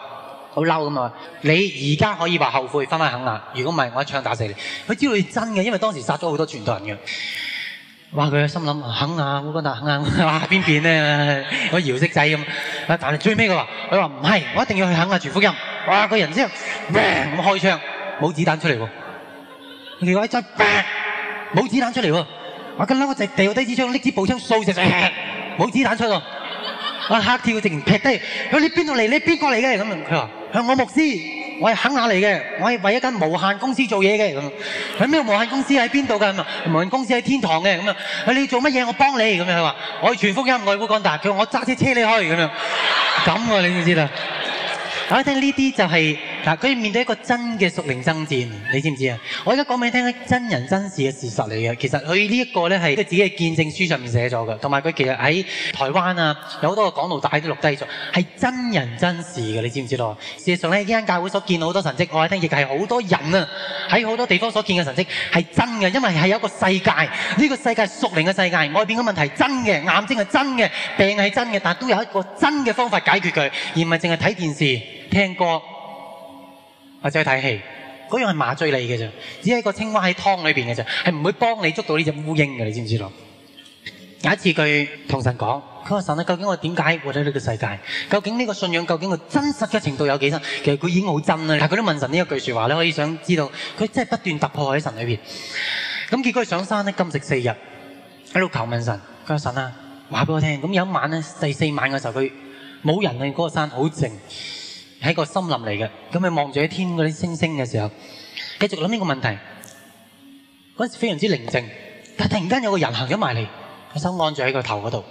好嬲咁啊！你而家可以話後悔，返返肯亞。如果唔係，我一槍打死你。佢知道你係真嘅，因為當時殺咗好多傳道人嘅。哇！佢心諗肯亞烏干達肯亞，哇、啊、邊變咧？我 搖色仔咁。但係最尾佢話：佢話唔係，我一定要去肯亞傳福音。哇！個人之後 bang 開槍，冇子彈出嚟喎。條鬼再 bang 冇子彈出嚟喎。我跟撈我就掉低支槍，拎支步槍掃射，冇子彈出喎。我嚇跳，直然劈低。我話你邊度嚟？你邊個嚟嘅？咁佢話。向我牧師，我係肯雅嚟嘅，我係為一間無限公司做嘢嘅。佢話，係咩無限公司喺邊度㗎？無限公司喺天堂嘅。佢話，你做乜嘢？我幫你。咁樣佢話：我係全福音愛烏干達，叫我揸車車你開。咁樣咁你知不知道？大家聽呢啲就係、是。佢要面對一個真嘅屬靈爭戰，你知唔知道？我而家講俾你聽，真人真事嘅事實嚟嘅。其實佢呢一個係自己嘅見證書上面寫咗嘅，同埋佢其實喺台灣啊有好多嘅港澳台都錄低咗，係真人真事嘅，你知唔知道？事實上呢間教會所見到好多神跡，我喺聽亦係好多人啊喺好多地方所見嘅神跡係真嘅，因為係一個世界呢，這個世界是屬靈嘅世界，外面個問題係真嘅，眼睛係真嘅，病係真嘅，但都有一個真嘅方法解決佢，而唔係淨係睇電視聽歌。或者去睇戲，嗰樣係麻醉你嘅啫，只係一個青蛙喺湯裏面嘅啫，係唔會幫你捉到呢隻烏蠅嘅，你知唔知道？ 有一次佢同神講，佢話神啊，究竟我點解活喺呢個世界？究竟呢個信仰究竟個真實嘅程度有幾深？其實佢已經好真啦。但係佢都問神呢一句説話咧，你可以想知道佢真係不斷突破喺神裏面。咁結果佢上山咧，禁食四日，喺度求問神，佢話神啊，話俾我聽。咁有一晚咧，第四晚嘅時候，佢冇人喺嗰、嗰個山，好靜。喺個森林嚟嘅咁，佢望住天嗰啲星星嘅時候，繼續諗呢個問題。嗰陣時非常之寧靜，但係突然間有個人行咗埋嚟，手按住喺個頭嗰度。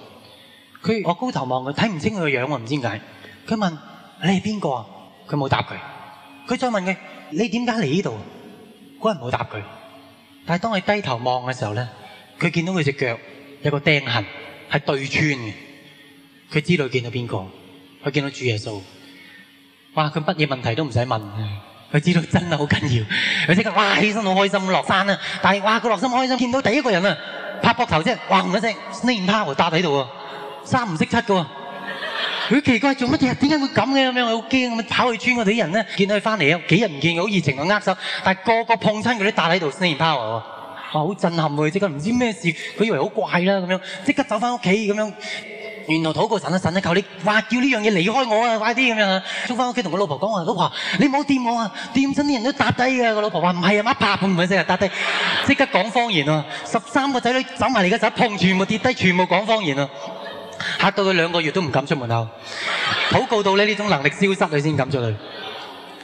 佢我高頭望佢，睇唔清佢個樣，我唔知點解。佢問，你係邊個啊？佢冇答佢。佢再問佢，你點解嚟呢度？嗰人冇答佢。但係當佢低頭望嘅時候呢，佢見到佢隻腳有個釘痕係對穿嘅。佢知道佢見到邊個，佢見到主耶穌。哇！佢乜嘢問題都唔使問，佢知道真係好緊要。佢即刻哇！起身好開心，落山啦。但係哇！佢落山開心，見到第一個人啊，拍膊頭即係，咣一聲，神嘅 power 打喺度喎，三唔識七嘅喎。佢奇怪做乜嘢？點解會咁嘅咁樣？好驚咁，跑去村嗰啲人咧，見到佢翻嚟啊，幾日唔見，好熱情咁握手。但係個個碰親佢都打喺度，神嘅 power 喎，哇！好震撼喎，即刻唔知咩事，佢以為好怪啦咁樣，即刻走翻屋企咁樣。原來禱告神啊，神啊，求你快叫呢樣嘢離開我啊，快啲咁樣，衝返屋企同我老婆講話，老婆，你唔好掂我啊，掂親啲人都跌低嘅。個老婆話唔係啊，一拍，唔係聲啊，跌低即刻講方言喎。十三個仔女走埋嚟嘅時候，砰，全部跌低，全部講方言喎，嚇到佢兩個月都唔敢出門口，禱告到咧，呢種能力消失，佢先敢出去。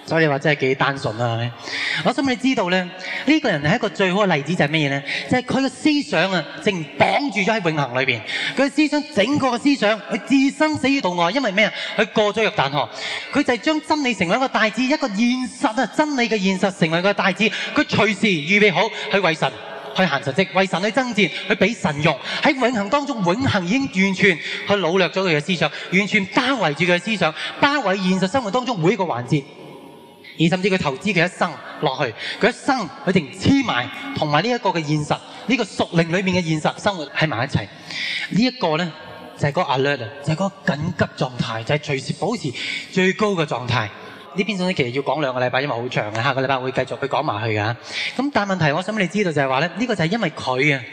所以你話真係幾單純啊！我想你知道呢，呢、呢個人係一個最好嘅例子，就係咩嘢呢？就係佢嘅思想啊，正綁住咗喺永恆裏面。佢嘅思，思想，整個嘅思想，佢置生死於度外，因為咩？佢過咗入大學，佢就係將真理成為一個大字，一個現實啊！真理嘅現實成為一個大字，佢隨時預備好去為神去行神跡，為神去爭戰，去俾神用喺永恆當中。永恆已經完全去擄掠咗佢嘅思想，完全包圍住佢嘅思想，包圍現實生活當中每一個環節。而甚至佢投資佢一生落去，佢一生佢成黐埋同埋呢一個嘅現實，呢個屬靈裏面嘅現實生活喺埋一齊。呢一個呢，就係嗰個 alert 就係嗰個緊急狀態，就係隨時保持最高嘅狀態。呢篇信息其實要講兩個禮拜，因為好長嘅，下個禮拜會繼續去講埋去㗎。嚇。咁但係問題，我想畀你知道就係話咧，呢個就係因為佢啊，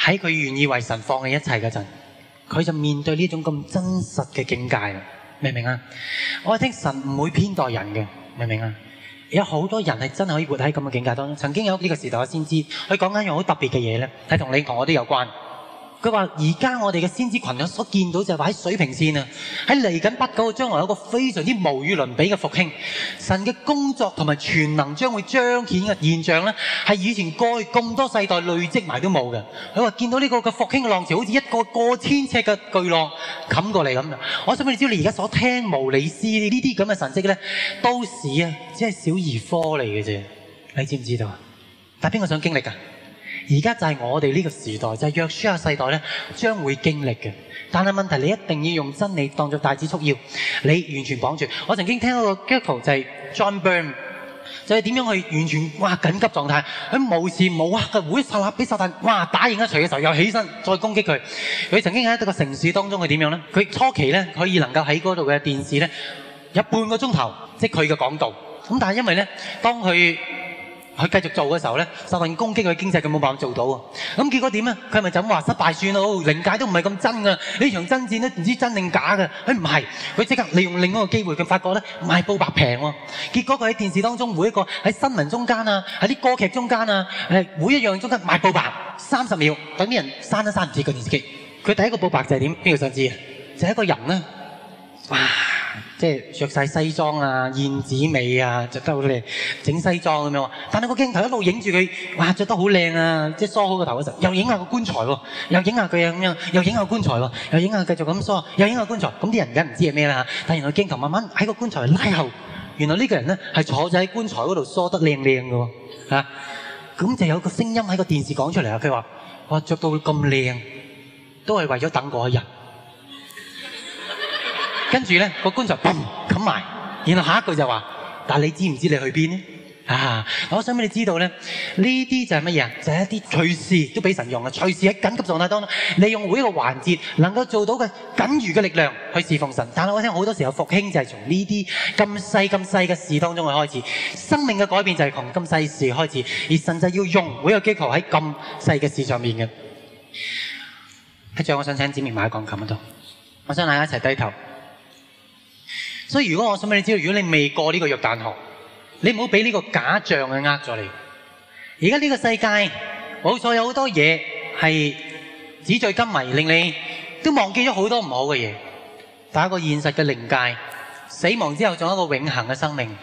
喺佢願意為神放棄一切嗰陣，佢就面對呢種咁真實嘅境界，明唔明啊？我聽神唔會偏待人嘅。明唔明啊？有好多人係真係可以活喺咁嘅境界當中。曾經有呢個時代我才知道，我先知。佢講緊樣好特別嘅嘢呢，係同你和我都有關。佢話：而家我哋嘅先知群友所見到就係喺水平線啊，喺嚟緊不久嘅將來有一個非常之無與倫比嘅復興，神嘅工作同埋全能將會彰顯嘅現象呢，係以前過去咁多世代累積埋都冇嘅。佢話見到呢個嘅復興的浪潮好似一個過千尺嘅巨浪冚過嚟咁。我想問你知道你而家所聽無理思呢啲咁嘅神跡呢，都是啊，只係小兒科嚟嘅啫。你知唔知道？但邊個想經歷啊？而家就係我哋呢個時代，就係、是、約書亞世代呢，將會經歷嘅。但係問題，你一定要用真理當作帶子束腰，你完全綁住。我曾經聽到一個 gentle 就係 John Byrne，就係點樣去完全哇緊急狀態，佢無時無刻，會殺客俾殺大，嘩，打贏一場嘅時候又起身再攻擊佢。佢曾經喺一個城市當中係點樣呢？佢初期咧可以能夠喺嗰度嘅電視呢，有半個鐘頭，即係佢嘅講道。咁但係因為呢，當佢佢繼續做嘅時候咧，實行攻擊佢經濟，佢冇辦法做到啊！咁結果點啊？佢咪就咁話失敗算咯，靈界都唔係咁真嘅。呢場真戰咧，唔知真定假嘅。佢唔係，佢即刻利用另一個機會，佢發覺咧賣告白平喎。結果佢喺電視當中每一個喺新聞中間啊，喺啲歌劇中間啊，誒每一樣中間賣告白三十秒，等啲人閂都閂唔切個電視。佢第一個告白就係點？邊個想知啊？就係一個人咧。即係着晒西裝啊，燕子尾啊，着得好靚，整西裝咁樣。但係個鏡頭一路影住佢，哇，着得好靚啊，即係梳好個頭嗰時候，又影下個棺材喎，又影下佢啊咁樣，又影下棺材喎，又影下繼續咁梳，又影下棺材。咁啲人梗係唔知係咩啦吓，但係原來鏡頭慢慢喺個棺材拉後，原來呢個人咧係坐咗喺棺材嗰度梳得靚靚嘅喎，吓，咁就有個聲音喺個電視講出嚟啊，佢話：我着到咁靚，都係為咗等嗰一日。跟住呢、那個棺材砰冚埋，然後下一句就話：但你知唔知道你去邊咧？啊！我想俾你知道呢，呢啲就係乜嘢就係、是、一啲隨時都俾神用嘅，隨時喺緊急狀態當中，利用每一個環節能夠做到嘅僅餘嘅力量去侍奉神。但我聽好多時候復興就係從呢啲咁細咁細嘅事當中去開始，生命嘅改變就係從咁細事開始，而神就要用每一個機構喺咁細嘅事上面嘅。喺度，我想請子明買個鋼琴喺度，我想大家一齊低頭。所以如果我想俾你知道，如果你未過呢個約旦河，你唔好俾呢個假象去呃咗你。而家呢個世界冇錯，有好多嘢係紙醉金迷，令你都忘記咗好多唔好嘅嘢。但一個現實嘅靈界，死亡之後，仲有一個永恆嘅生命。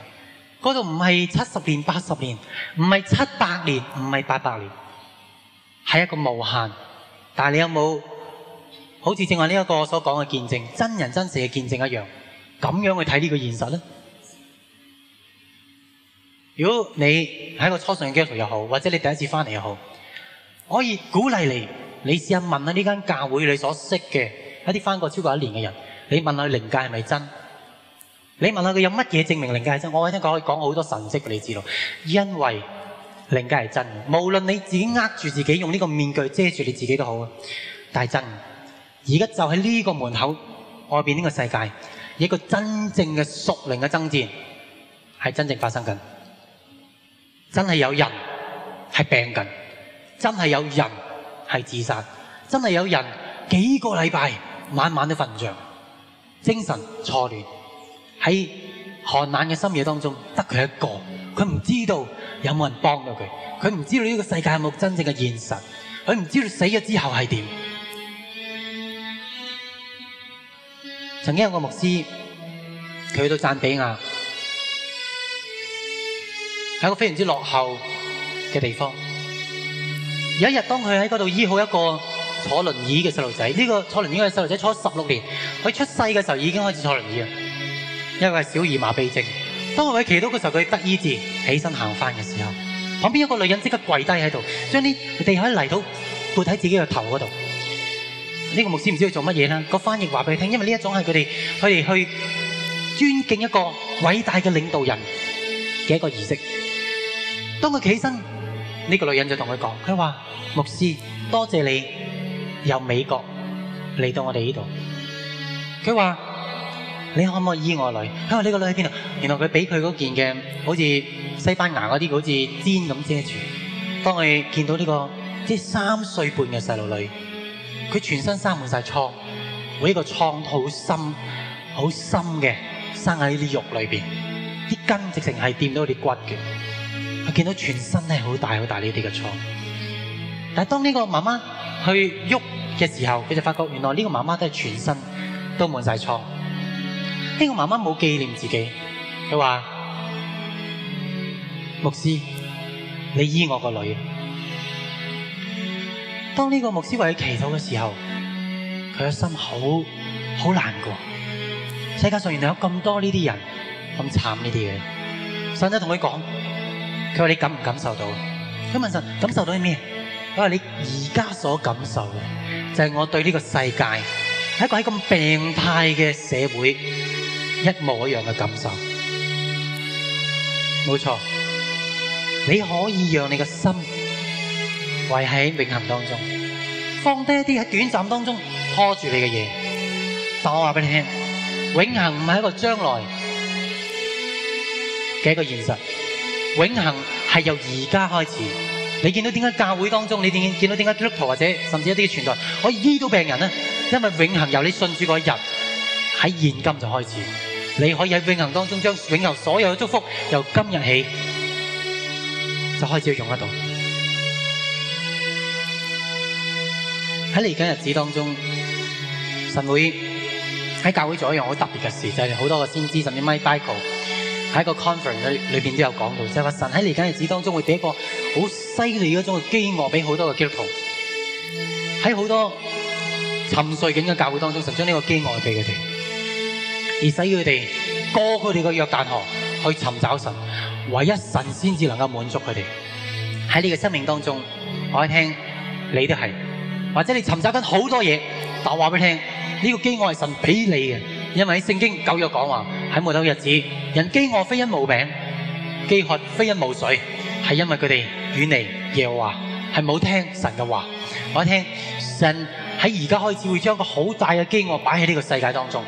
嗰度唔係七十年、八十年，唔係七百年、唔係八百年，係一個無限。但係你有冇好似正話呢一個所講嘅見證，真人真事嘅見證一樣？咁樣去睇呢個現實咧？如果你喺個初信嘅階段又好，或者你第一次翻嚟又好，可以鼓勵你，你試下問下呢間教會你所識嘅一啲翻過超過一年嘅人，你問下佢靈界係咪真？你問下佢有乜嘢證明靈界係真？我聽講可以講好多神跡嘅，你知道？因為靈界係真嘅，無論你自己呃住自己用呢個面具遮住你自己都好，但係真嘅。而家就喺呢個門口外邊呢個世界。一個真正嘅屬靈嘅爭戰係真正發生緊，真係有人係病緊，真係有人係自殺，真係有人幾個禮拜晚晚都瞓唔著，精神錯亂，喺寒冷嘅深夜當中得佢一個，佢唔知道有冇人幫到佢，佢唔知道呢個世界有冇真正嘅現實，佢唔知道死咗之後係點。曾經有個牧師，佢去到贊比亞，喺一個非常之落後嘅地方。有一日，當佢喺嗰度醫好一個坐輪椅嘅細路仔，呢、呢個坐輪椅嘅細路仔坐咗十六年，佢出世嘅時候已經開始坐輪椅啦，因為係小兒麻痹症。當佢企到嘅時候，佢得醫治起身行翻嘅時候，旁邊有個女人即刻跪低喺度，將啲地下泥土潑喺自己嘅頭嗰度。呢個牧師唔知佢做乜嘢啦，呢個翻譯話俾佢聽，因為呢一種係佢哋佢哋去尊敬一個偉大嘅領導人嘅一個儀式。當佢起身，呢個女人就同佢講，佢話，牧師多謝你由美國嚟到我哋呢度。佢話你可唔可以醫我女？佢話呢個女喺邊度？原來佢俾佢嗰件嘅好似西班牙嗰啲好似氈咁遮住。當佢見到呢個即係三歲半嘅細路女。佢全身生滿晒瘡，每一個瘡都好深，好深嘅生喺呢啲肉裏面，啲根直情係掂到啲骨嘅。佢見到全身都係好大好大呢啲嘅瘡，但係當呢個媽媽去喐嘅時候，佢就發覺原來呢個媽媽都係全身都滿晒瘡。呢個媽媽冇紀念自己，佢話牧師，你醫我個女兒。當呢個牧師為佢祈禱嘅時候，佢嘅心好好難過。世界上原來有咁多呢啲人咁慘呢啲嘅。神就同佢講：佢話你感唔感受到？佢問神：感受到咩？佢話你而家所感受嘅，就係我對呢個世界，係一個喺咁病態嘅社會，一模一樣嘅感受。冇錯，你可以讓你嘅心。為喺永恒當中，放低一啲喺短暫當中拖住你嘅嘢。但我話俾你聽，永恒唔係一個將來嘅一個現實，永恒係由而家開始。你見到點解教會當中，你點見到點解基督徒或者甚至一啲嘅傳道可以醫到病人呢？因為永恒由你信主嗰一日喺現今就開始，你可以喺永恒當中將永恒所有嘅祝福由今日起就開始要用得到。喺嚟緊日子當中，神會喺教會做一樣好特別嘅事，就係好多個先知，甚至 Mike Bickle 喺一個 conference 裏面都有講到，就係話神喺嚟緊日子當中會俾一個好犀利嗰種嘅飢餓俾好多嘅基督徒，喺好多沉睡緊嘅教會當中，神將呢個飢餓畀佢哋而使佢哋過佢哋個約旦河去尋找神，唯一神先至能夠滿足佢哋。喺你嘅生命當中，我一聽，你都係或者你尋找緊好多嘢，但話俾你聽，呢個飢餓係神俾你嘅，因為喺聖經舊約講話喺末尾日子，人飢餓非因無餅，飢渴非因無水，係因為佢哋遠離耶和華，係冇聽神嘅話。我一聽神喺而家開始會將個好大嘅飢餓擺喺呢個世界當中，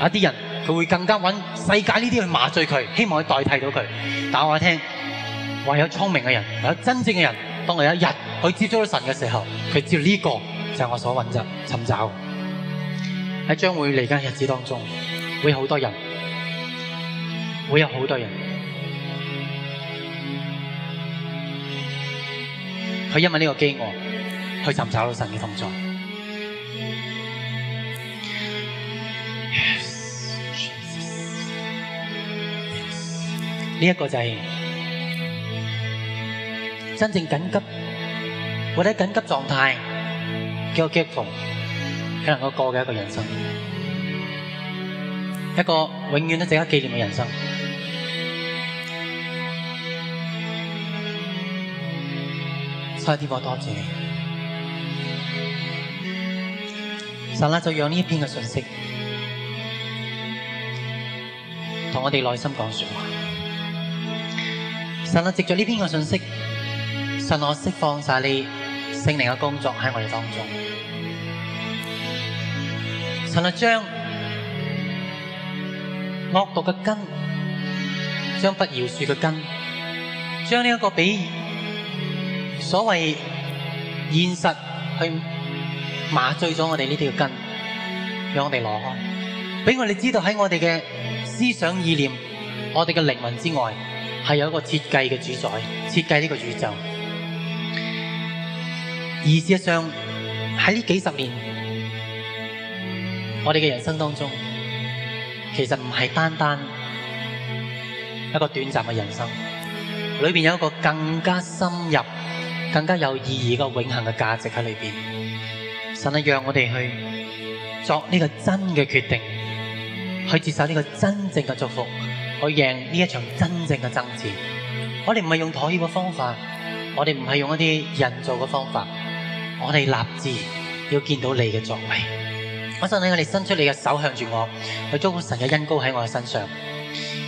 有啲人佢會更加搵世界呢啲去麻醉佢，希望佢代替到佢。但我一聽唯有聰明嘅人，唯有真正嘅人。當我有一日去接觸到神嘅時候，佢知呢個就係我所揾啫，尋找。喺將會嚟緊日子當中，會有好多人，會有好多人，佢因為呢個飢餓去尋找到神嘅同在。呢一個就係。真正緊急，或者緊急狀態，堅堅強，先能夠過嘅一個人生，一個永遠都值得紀念嘅人生。所以我多謝你，神啊，就讓呢一篇嘅信息，同我哋耐心講説話，神啊，藉著呢篇嘅信息。神我釋放晒呢聖靈嘅工作喺我哋當中，神啊，將惡毒嘅根，將不饒恕嘅根，將呢個個俾所謂現實去麻醉咗我哋呢條根，俾我哋挪開，俾我哋知道喺我哋嘅思想意念、我哋嘅靈魂之外，係有一個設計嘅主宰，設計呢個宇宙。而事實上喺呢幾十年，我哋嘅人生當中，其實唔係單單一個短暫嘅人生，裏面有一個更加深入、更加有意義嘅永恒嘅價值喺裏面，神係，讓我哋去做呢個真嘅決定，去接受呢個真正嘅祝福，去贏呢一場真正嘅爭戰。我哋唔係用妥協嘅方法，我哋唔係用一啲人造嘅方法。我哋立志要見到你嘅作為，我想你我哋伸出你嘅手向住我，去祝福神嘅恩膏喺我的身上。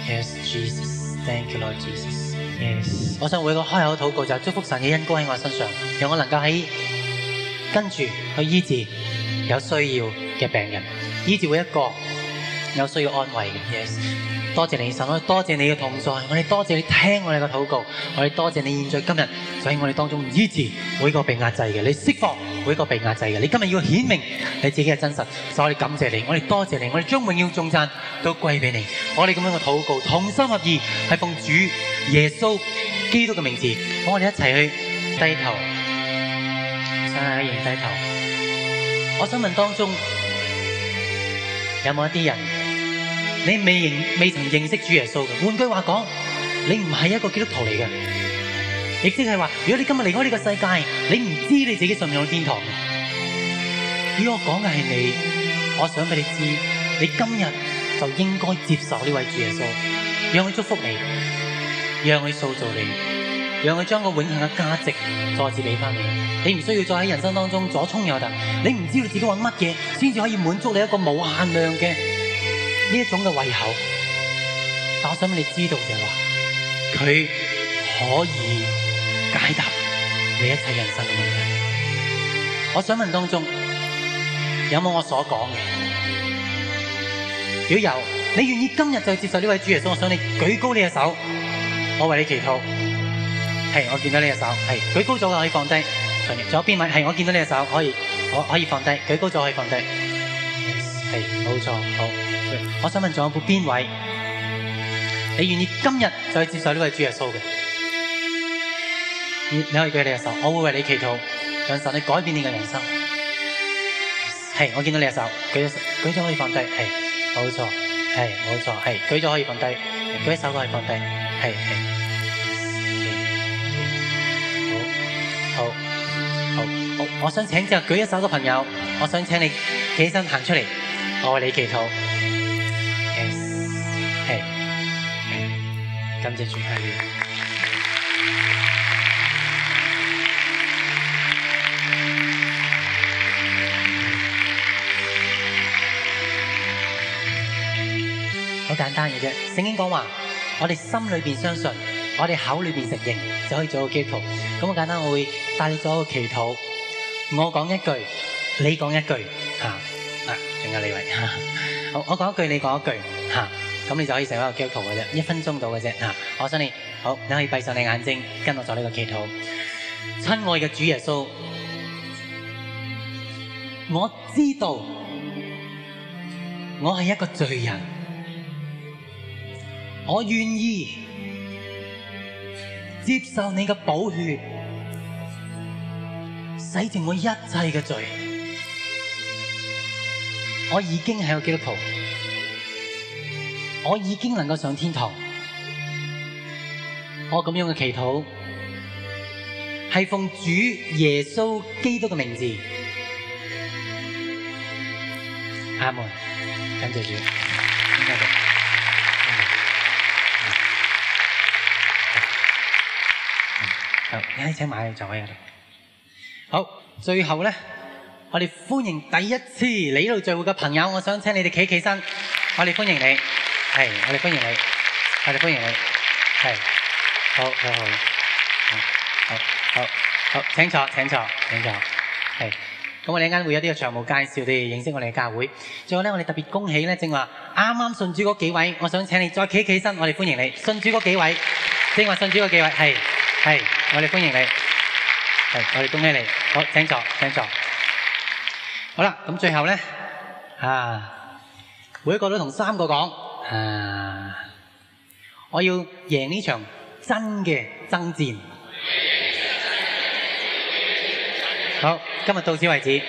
Yes, Jesus, thank you, Lord Jesus. Yes，我想每個開口禱告就是祝福神嘅恩膏喺我的身上，讓我能夠喺跟住去醫治有需要嘅病人，醫治每一個有需要安慰嘅。Yes。多謝你神，我哋多謝你嘅同在，我哋多謝你聽我哋嘅禱告，我哋多謝你現在今日在我哋當中醫治每個被壓制嘅，你釋放每個被壓制嘅，你今日要顯明你自己嘅真實，所以我哋感謝你，我哋多謝你，我哋將榮耀頌讚都歸俾你。我哋咁樣嘅禱告，同心合意係奉主耶穌基督嘅名字，我哋一齊去低頭，一言低頭。我想問當中有冇一啲人？你未認，未曾認識主耶穌嘅，換句話講，你唔係一個基督徒嚟嘅，亦即係話，如果你今日離開呢個世界，你唔知道你自己上唔上天堂嘅。如果我講嘅係你，我想俾你知，你今日就應該接受呢位主耶穌，讓佢祝福你，讓佢塑造你，讓佢將個永恆嘅價值再次俾返你。你唔需要再喺人生當中左衝右突，你唔知道自己揾乜嘢先至可以滿足你一個無限量嘅。呢一種嘅胃口，但我想問你知道就係話，佢可以解答你一切人生嘅問題。我想問當中有冇我所講嘅？如果有，你願意今日就接受呢位主耶穌，我想你舉高你隻手，我為你祈禱。係，我見到你隻手係舉高咗，就可以放低。仲有邊位？係，我見到你隻手可以，我可以放低，舉高咗可以放低。係，yes，冇錯，好。我想問仲有冇邊位，你願意今日再接受呢位主耶穌嘅？你可以舉你嘅手，我會為你祈禱，讓神你改變你嘅人生。係，我見到你嘅手，舉舉咗可以放低。係，冇錯。係，冇錯。係，舉咗可以放低，舉一手都可以放低。係，係。好，好，好，好。我想請就舉一手嘅朋友，我想請你企起身行出嚟，我為你祈禱。感謝主開路，好 簡單嘅啫。聖經講話，我哋心裏邊相信，我哋口裏邊承認，就可以做到基督徒。咁簡單，我會帶你做一個祈禱。我講一句，你講一句，吓、啊，啊，仲有你位，好，我講一句，你講一句。咁你就可以成為一個基督徒嘅啫，一分鐘到嘅啫。嗱，我想你，好，你可以閉上你眼睛，跟我做呢個祈禱。親愛嘅主耶穌，我知道我係一個罪人，我願意接受你嘅寶血，洗淨我一切嘅罪，我已經係一個基督徒。我已經能夠上天堂。我咁樣嘅祈禱係奉主耶穌基督嘅名字。阿門。感謝主。謝謝謝謝謝謝，嗯，好，請埋坐喺度。好，最後呢，我哋歡迎第一次嚟呢度聚會嘅朋友。我想請你哋企起身，我哋歡迎你。是我哋歡迎你，我哋歡迎你，是好好，好，好，好，好，請坐，請坐，請坐，是咁我哋呢間會有啲嘅長務介紹，你哋認識我哋嘅教會，最後呢，我哋特別恭喜呢正話啱啱信主嗰幾位，我想請你再企起身，我哋歡迎你，信主嗰幾位，正話信主嗰幾位，剛剛幾位是是我哋歡迎你，是我哋恭喜你，好，請坐，請坐，好啦，咁最後呢，啊，每一個都同三個講。啊！我要贏呢場真嘅爭戰。好，今日到此為止。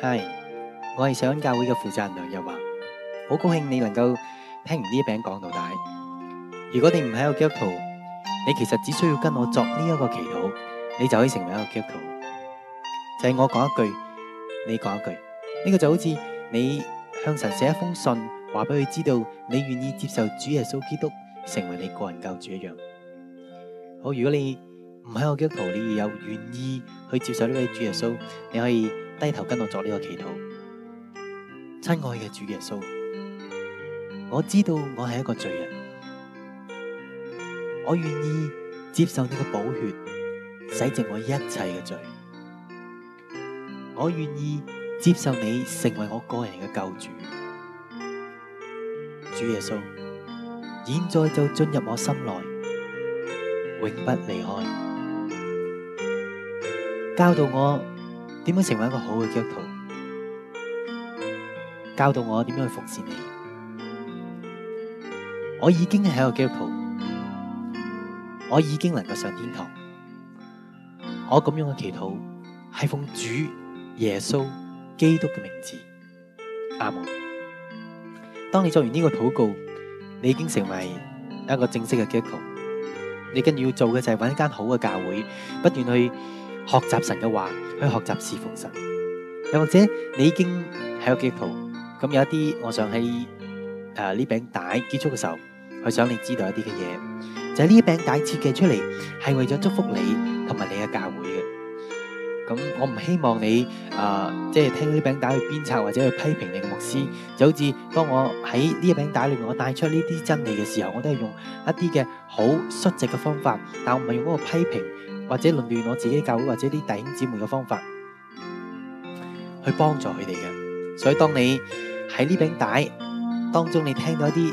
係，我係上教會嘅負責人梁日華，好高興你能夠聽完呢一餅講到底。如果你唔喺個基督徒，你其實只需要跟我作呢一個祈禱，你就可以成為一個基督徒。就係、是、我講一句，你講一句，呢、這個就好似你向神寫一封信，話俾佢知道你願意接受主耶穌基督成為你個人救主一樣。好，如果你唔喺個基督徒，你有願意去接受呢位主耶穌，你可以低頭跟我作呢個祈禱。親愛嘅主耶穌，我知道我係一個罪人。我願意接受你嘅寶血洗淨我一切嘅罪，我願意接受你成為我個人嘅救主，主耶穌，現在就進入我心內，永不離開，教導我點樣成為一個好嘅基督徒，教導我點樣去服侍你，我已經係一個基督徒。我已經能夠上天堂。我咁樣嘅祈禱係奉主耶穌基督嘅名字，阿門。當你做完呢個禱告，你已經成為一個正式嘅基督徒。你跟住要做嘅就係揾一間好嘅教會，不斷去學習神嘅話，去學習侍奉神。又或者你已經喺個基督徒，咁有一啲，我想喺誒呢餅帶結束嘅時候，去想你知道一啲嘅嘢。就係呢一餅帶設計出嚟，係為咗祝福你同埋你嘅教會嘅。咁我唔希望你啊，即係聽呢餅帶去鞭策或者去批評你嘅牧師。就好似當我喺呢一餅帶裏面，我帶出呢啲真理嘅時候，我都係用一啲嘅好率直嘅方法，但我唔係用嗰個批評或者論斷我自己教會或者啲弟兄姊妹嘅方法去幫助佢哋嘅。所以當你喺呢餅帶當中，你聽到一啲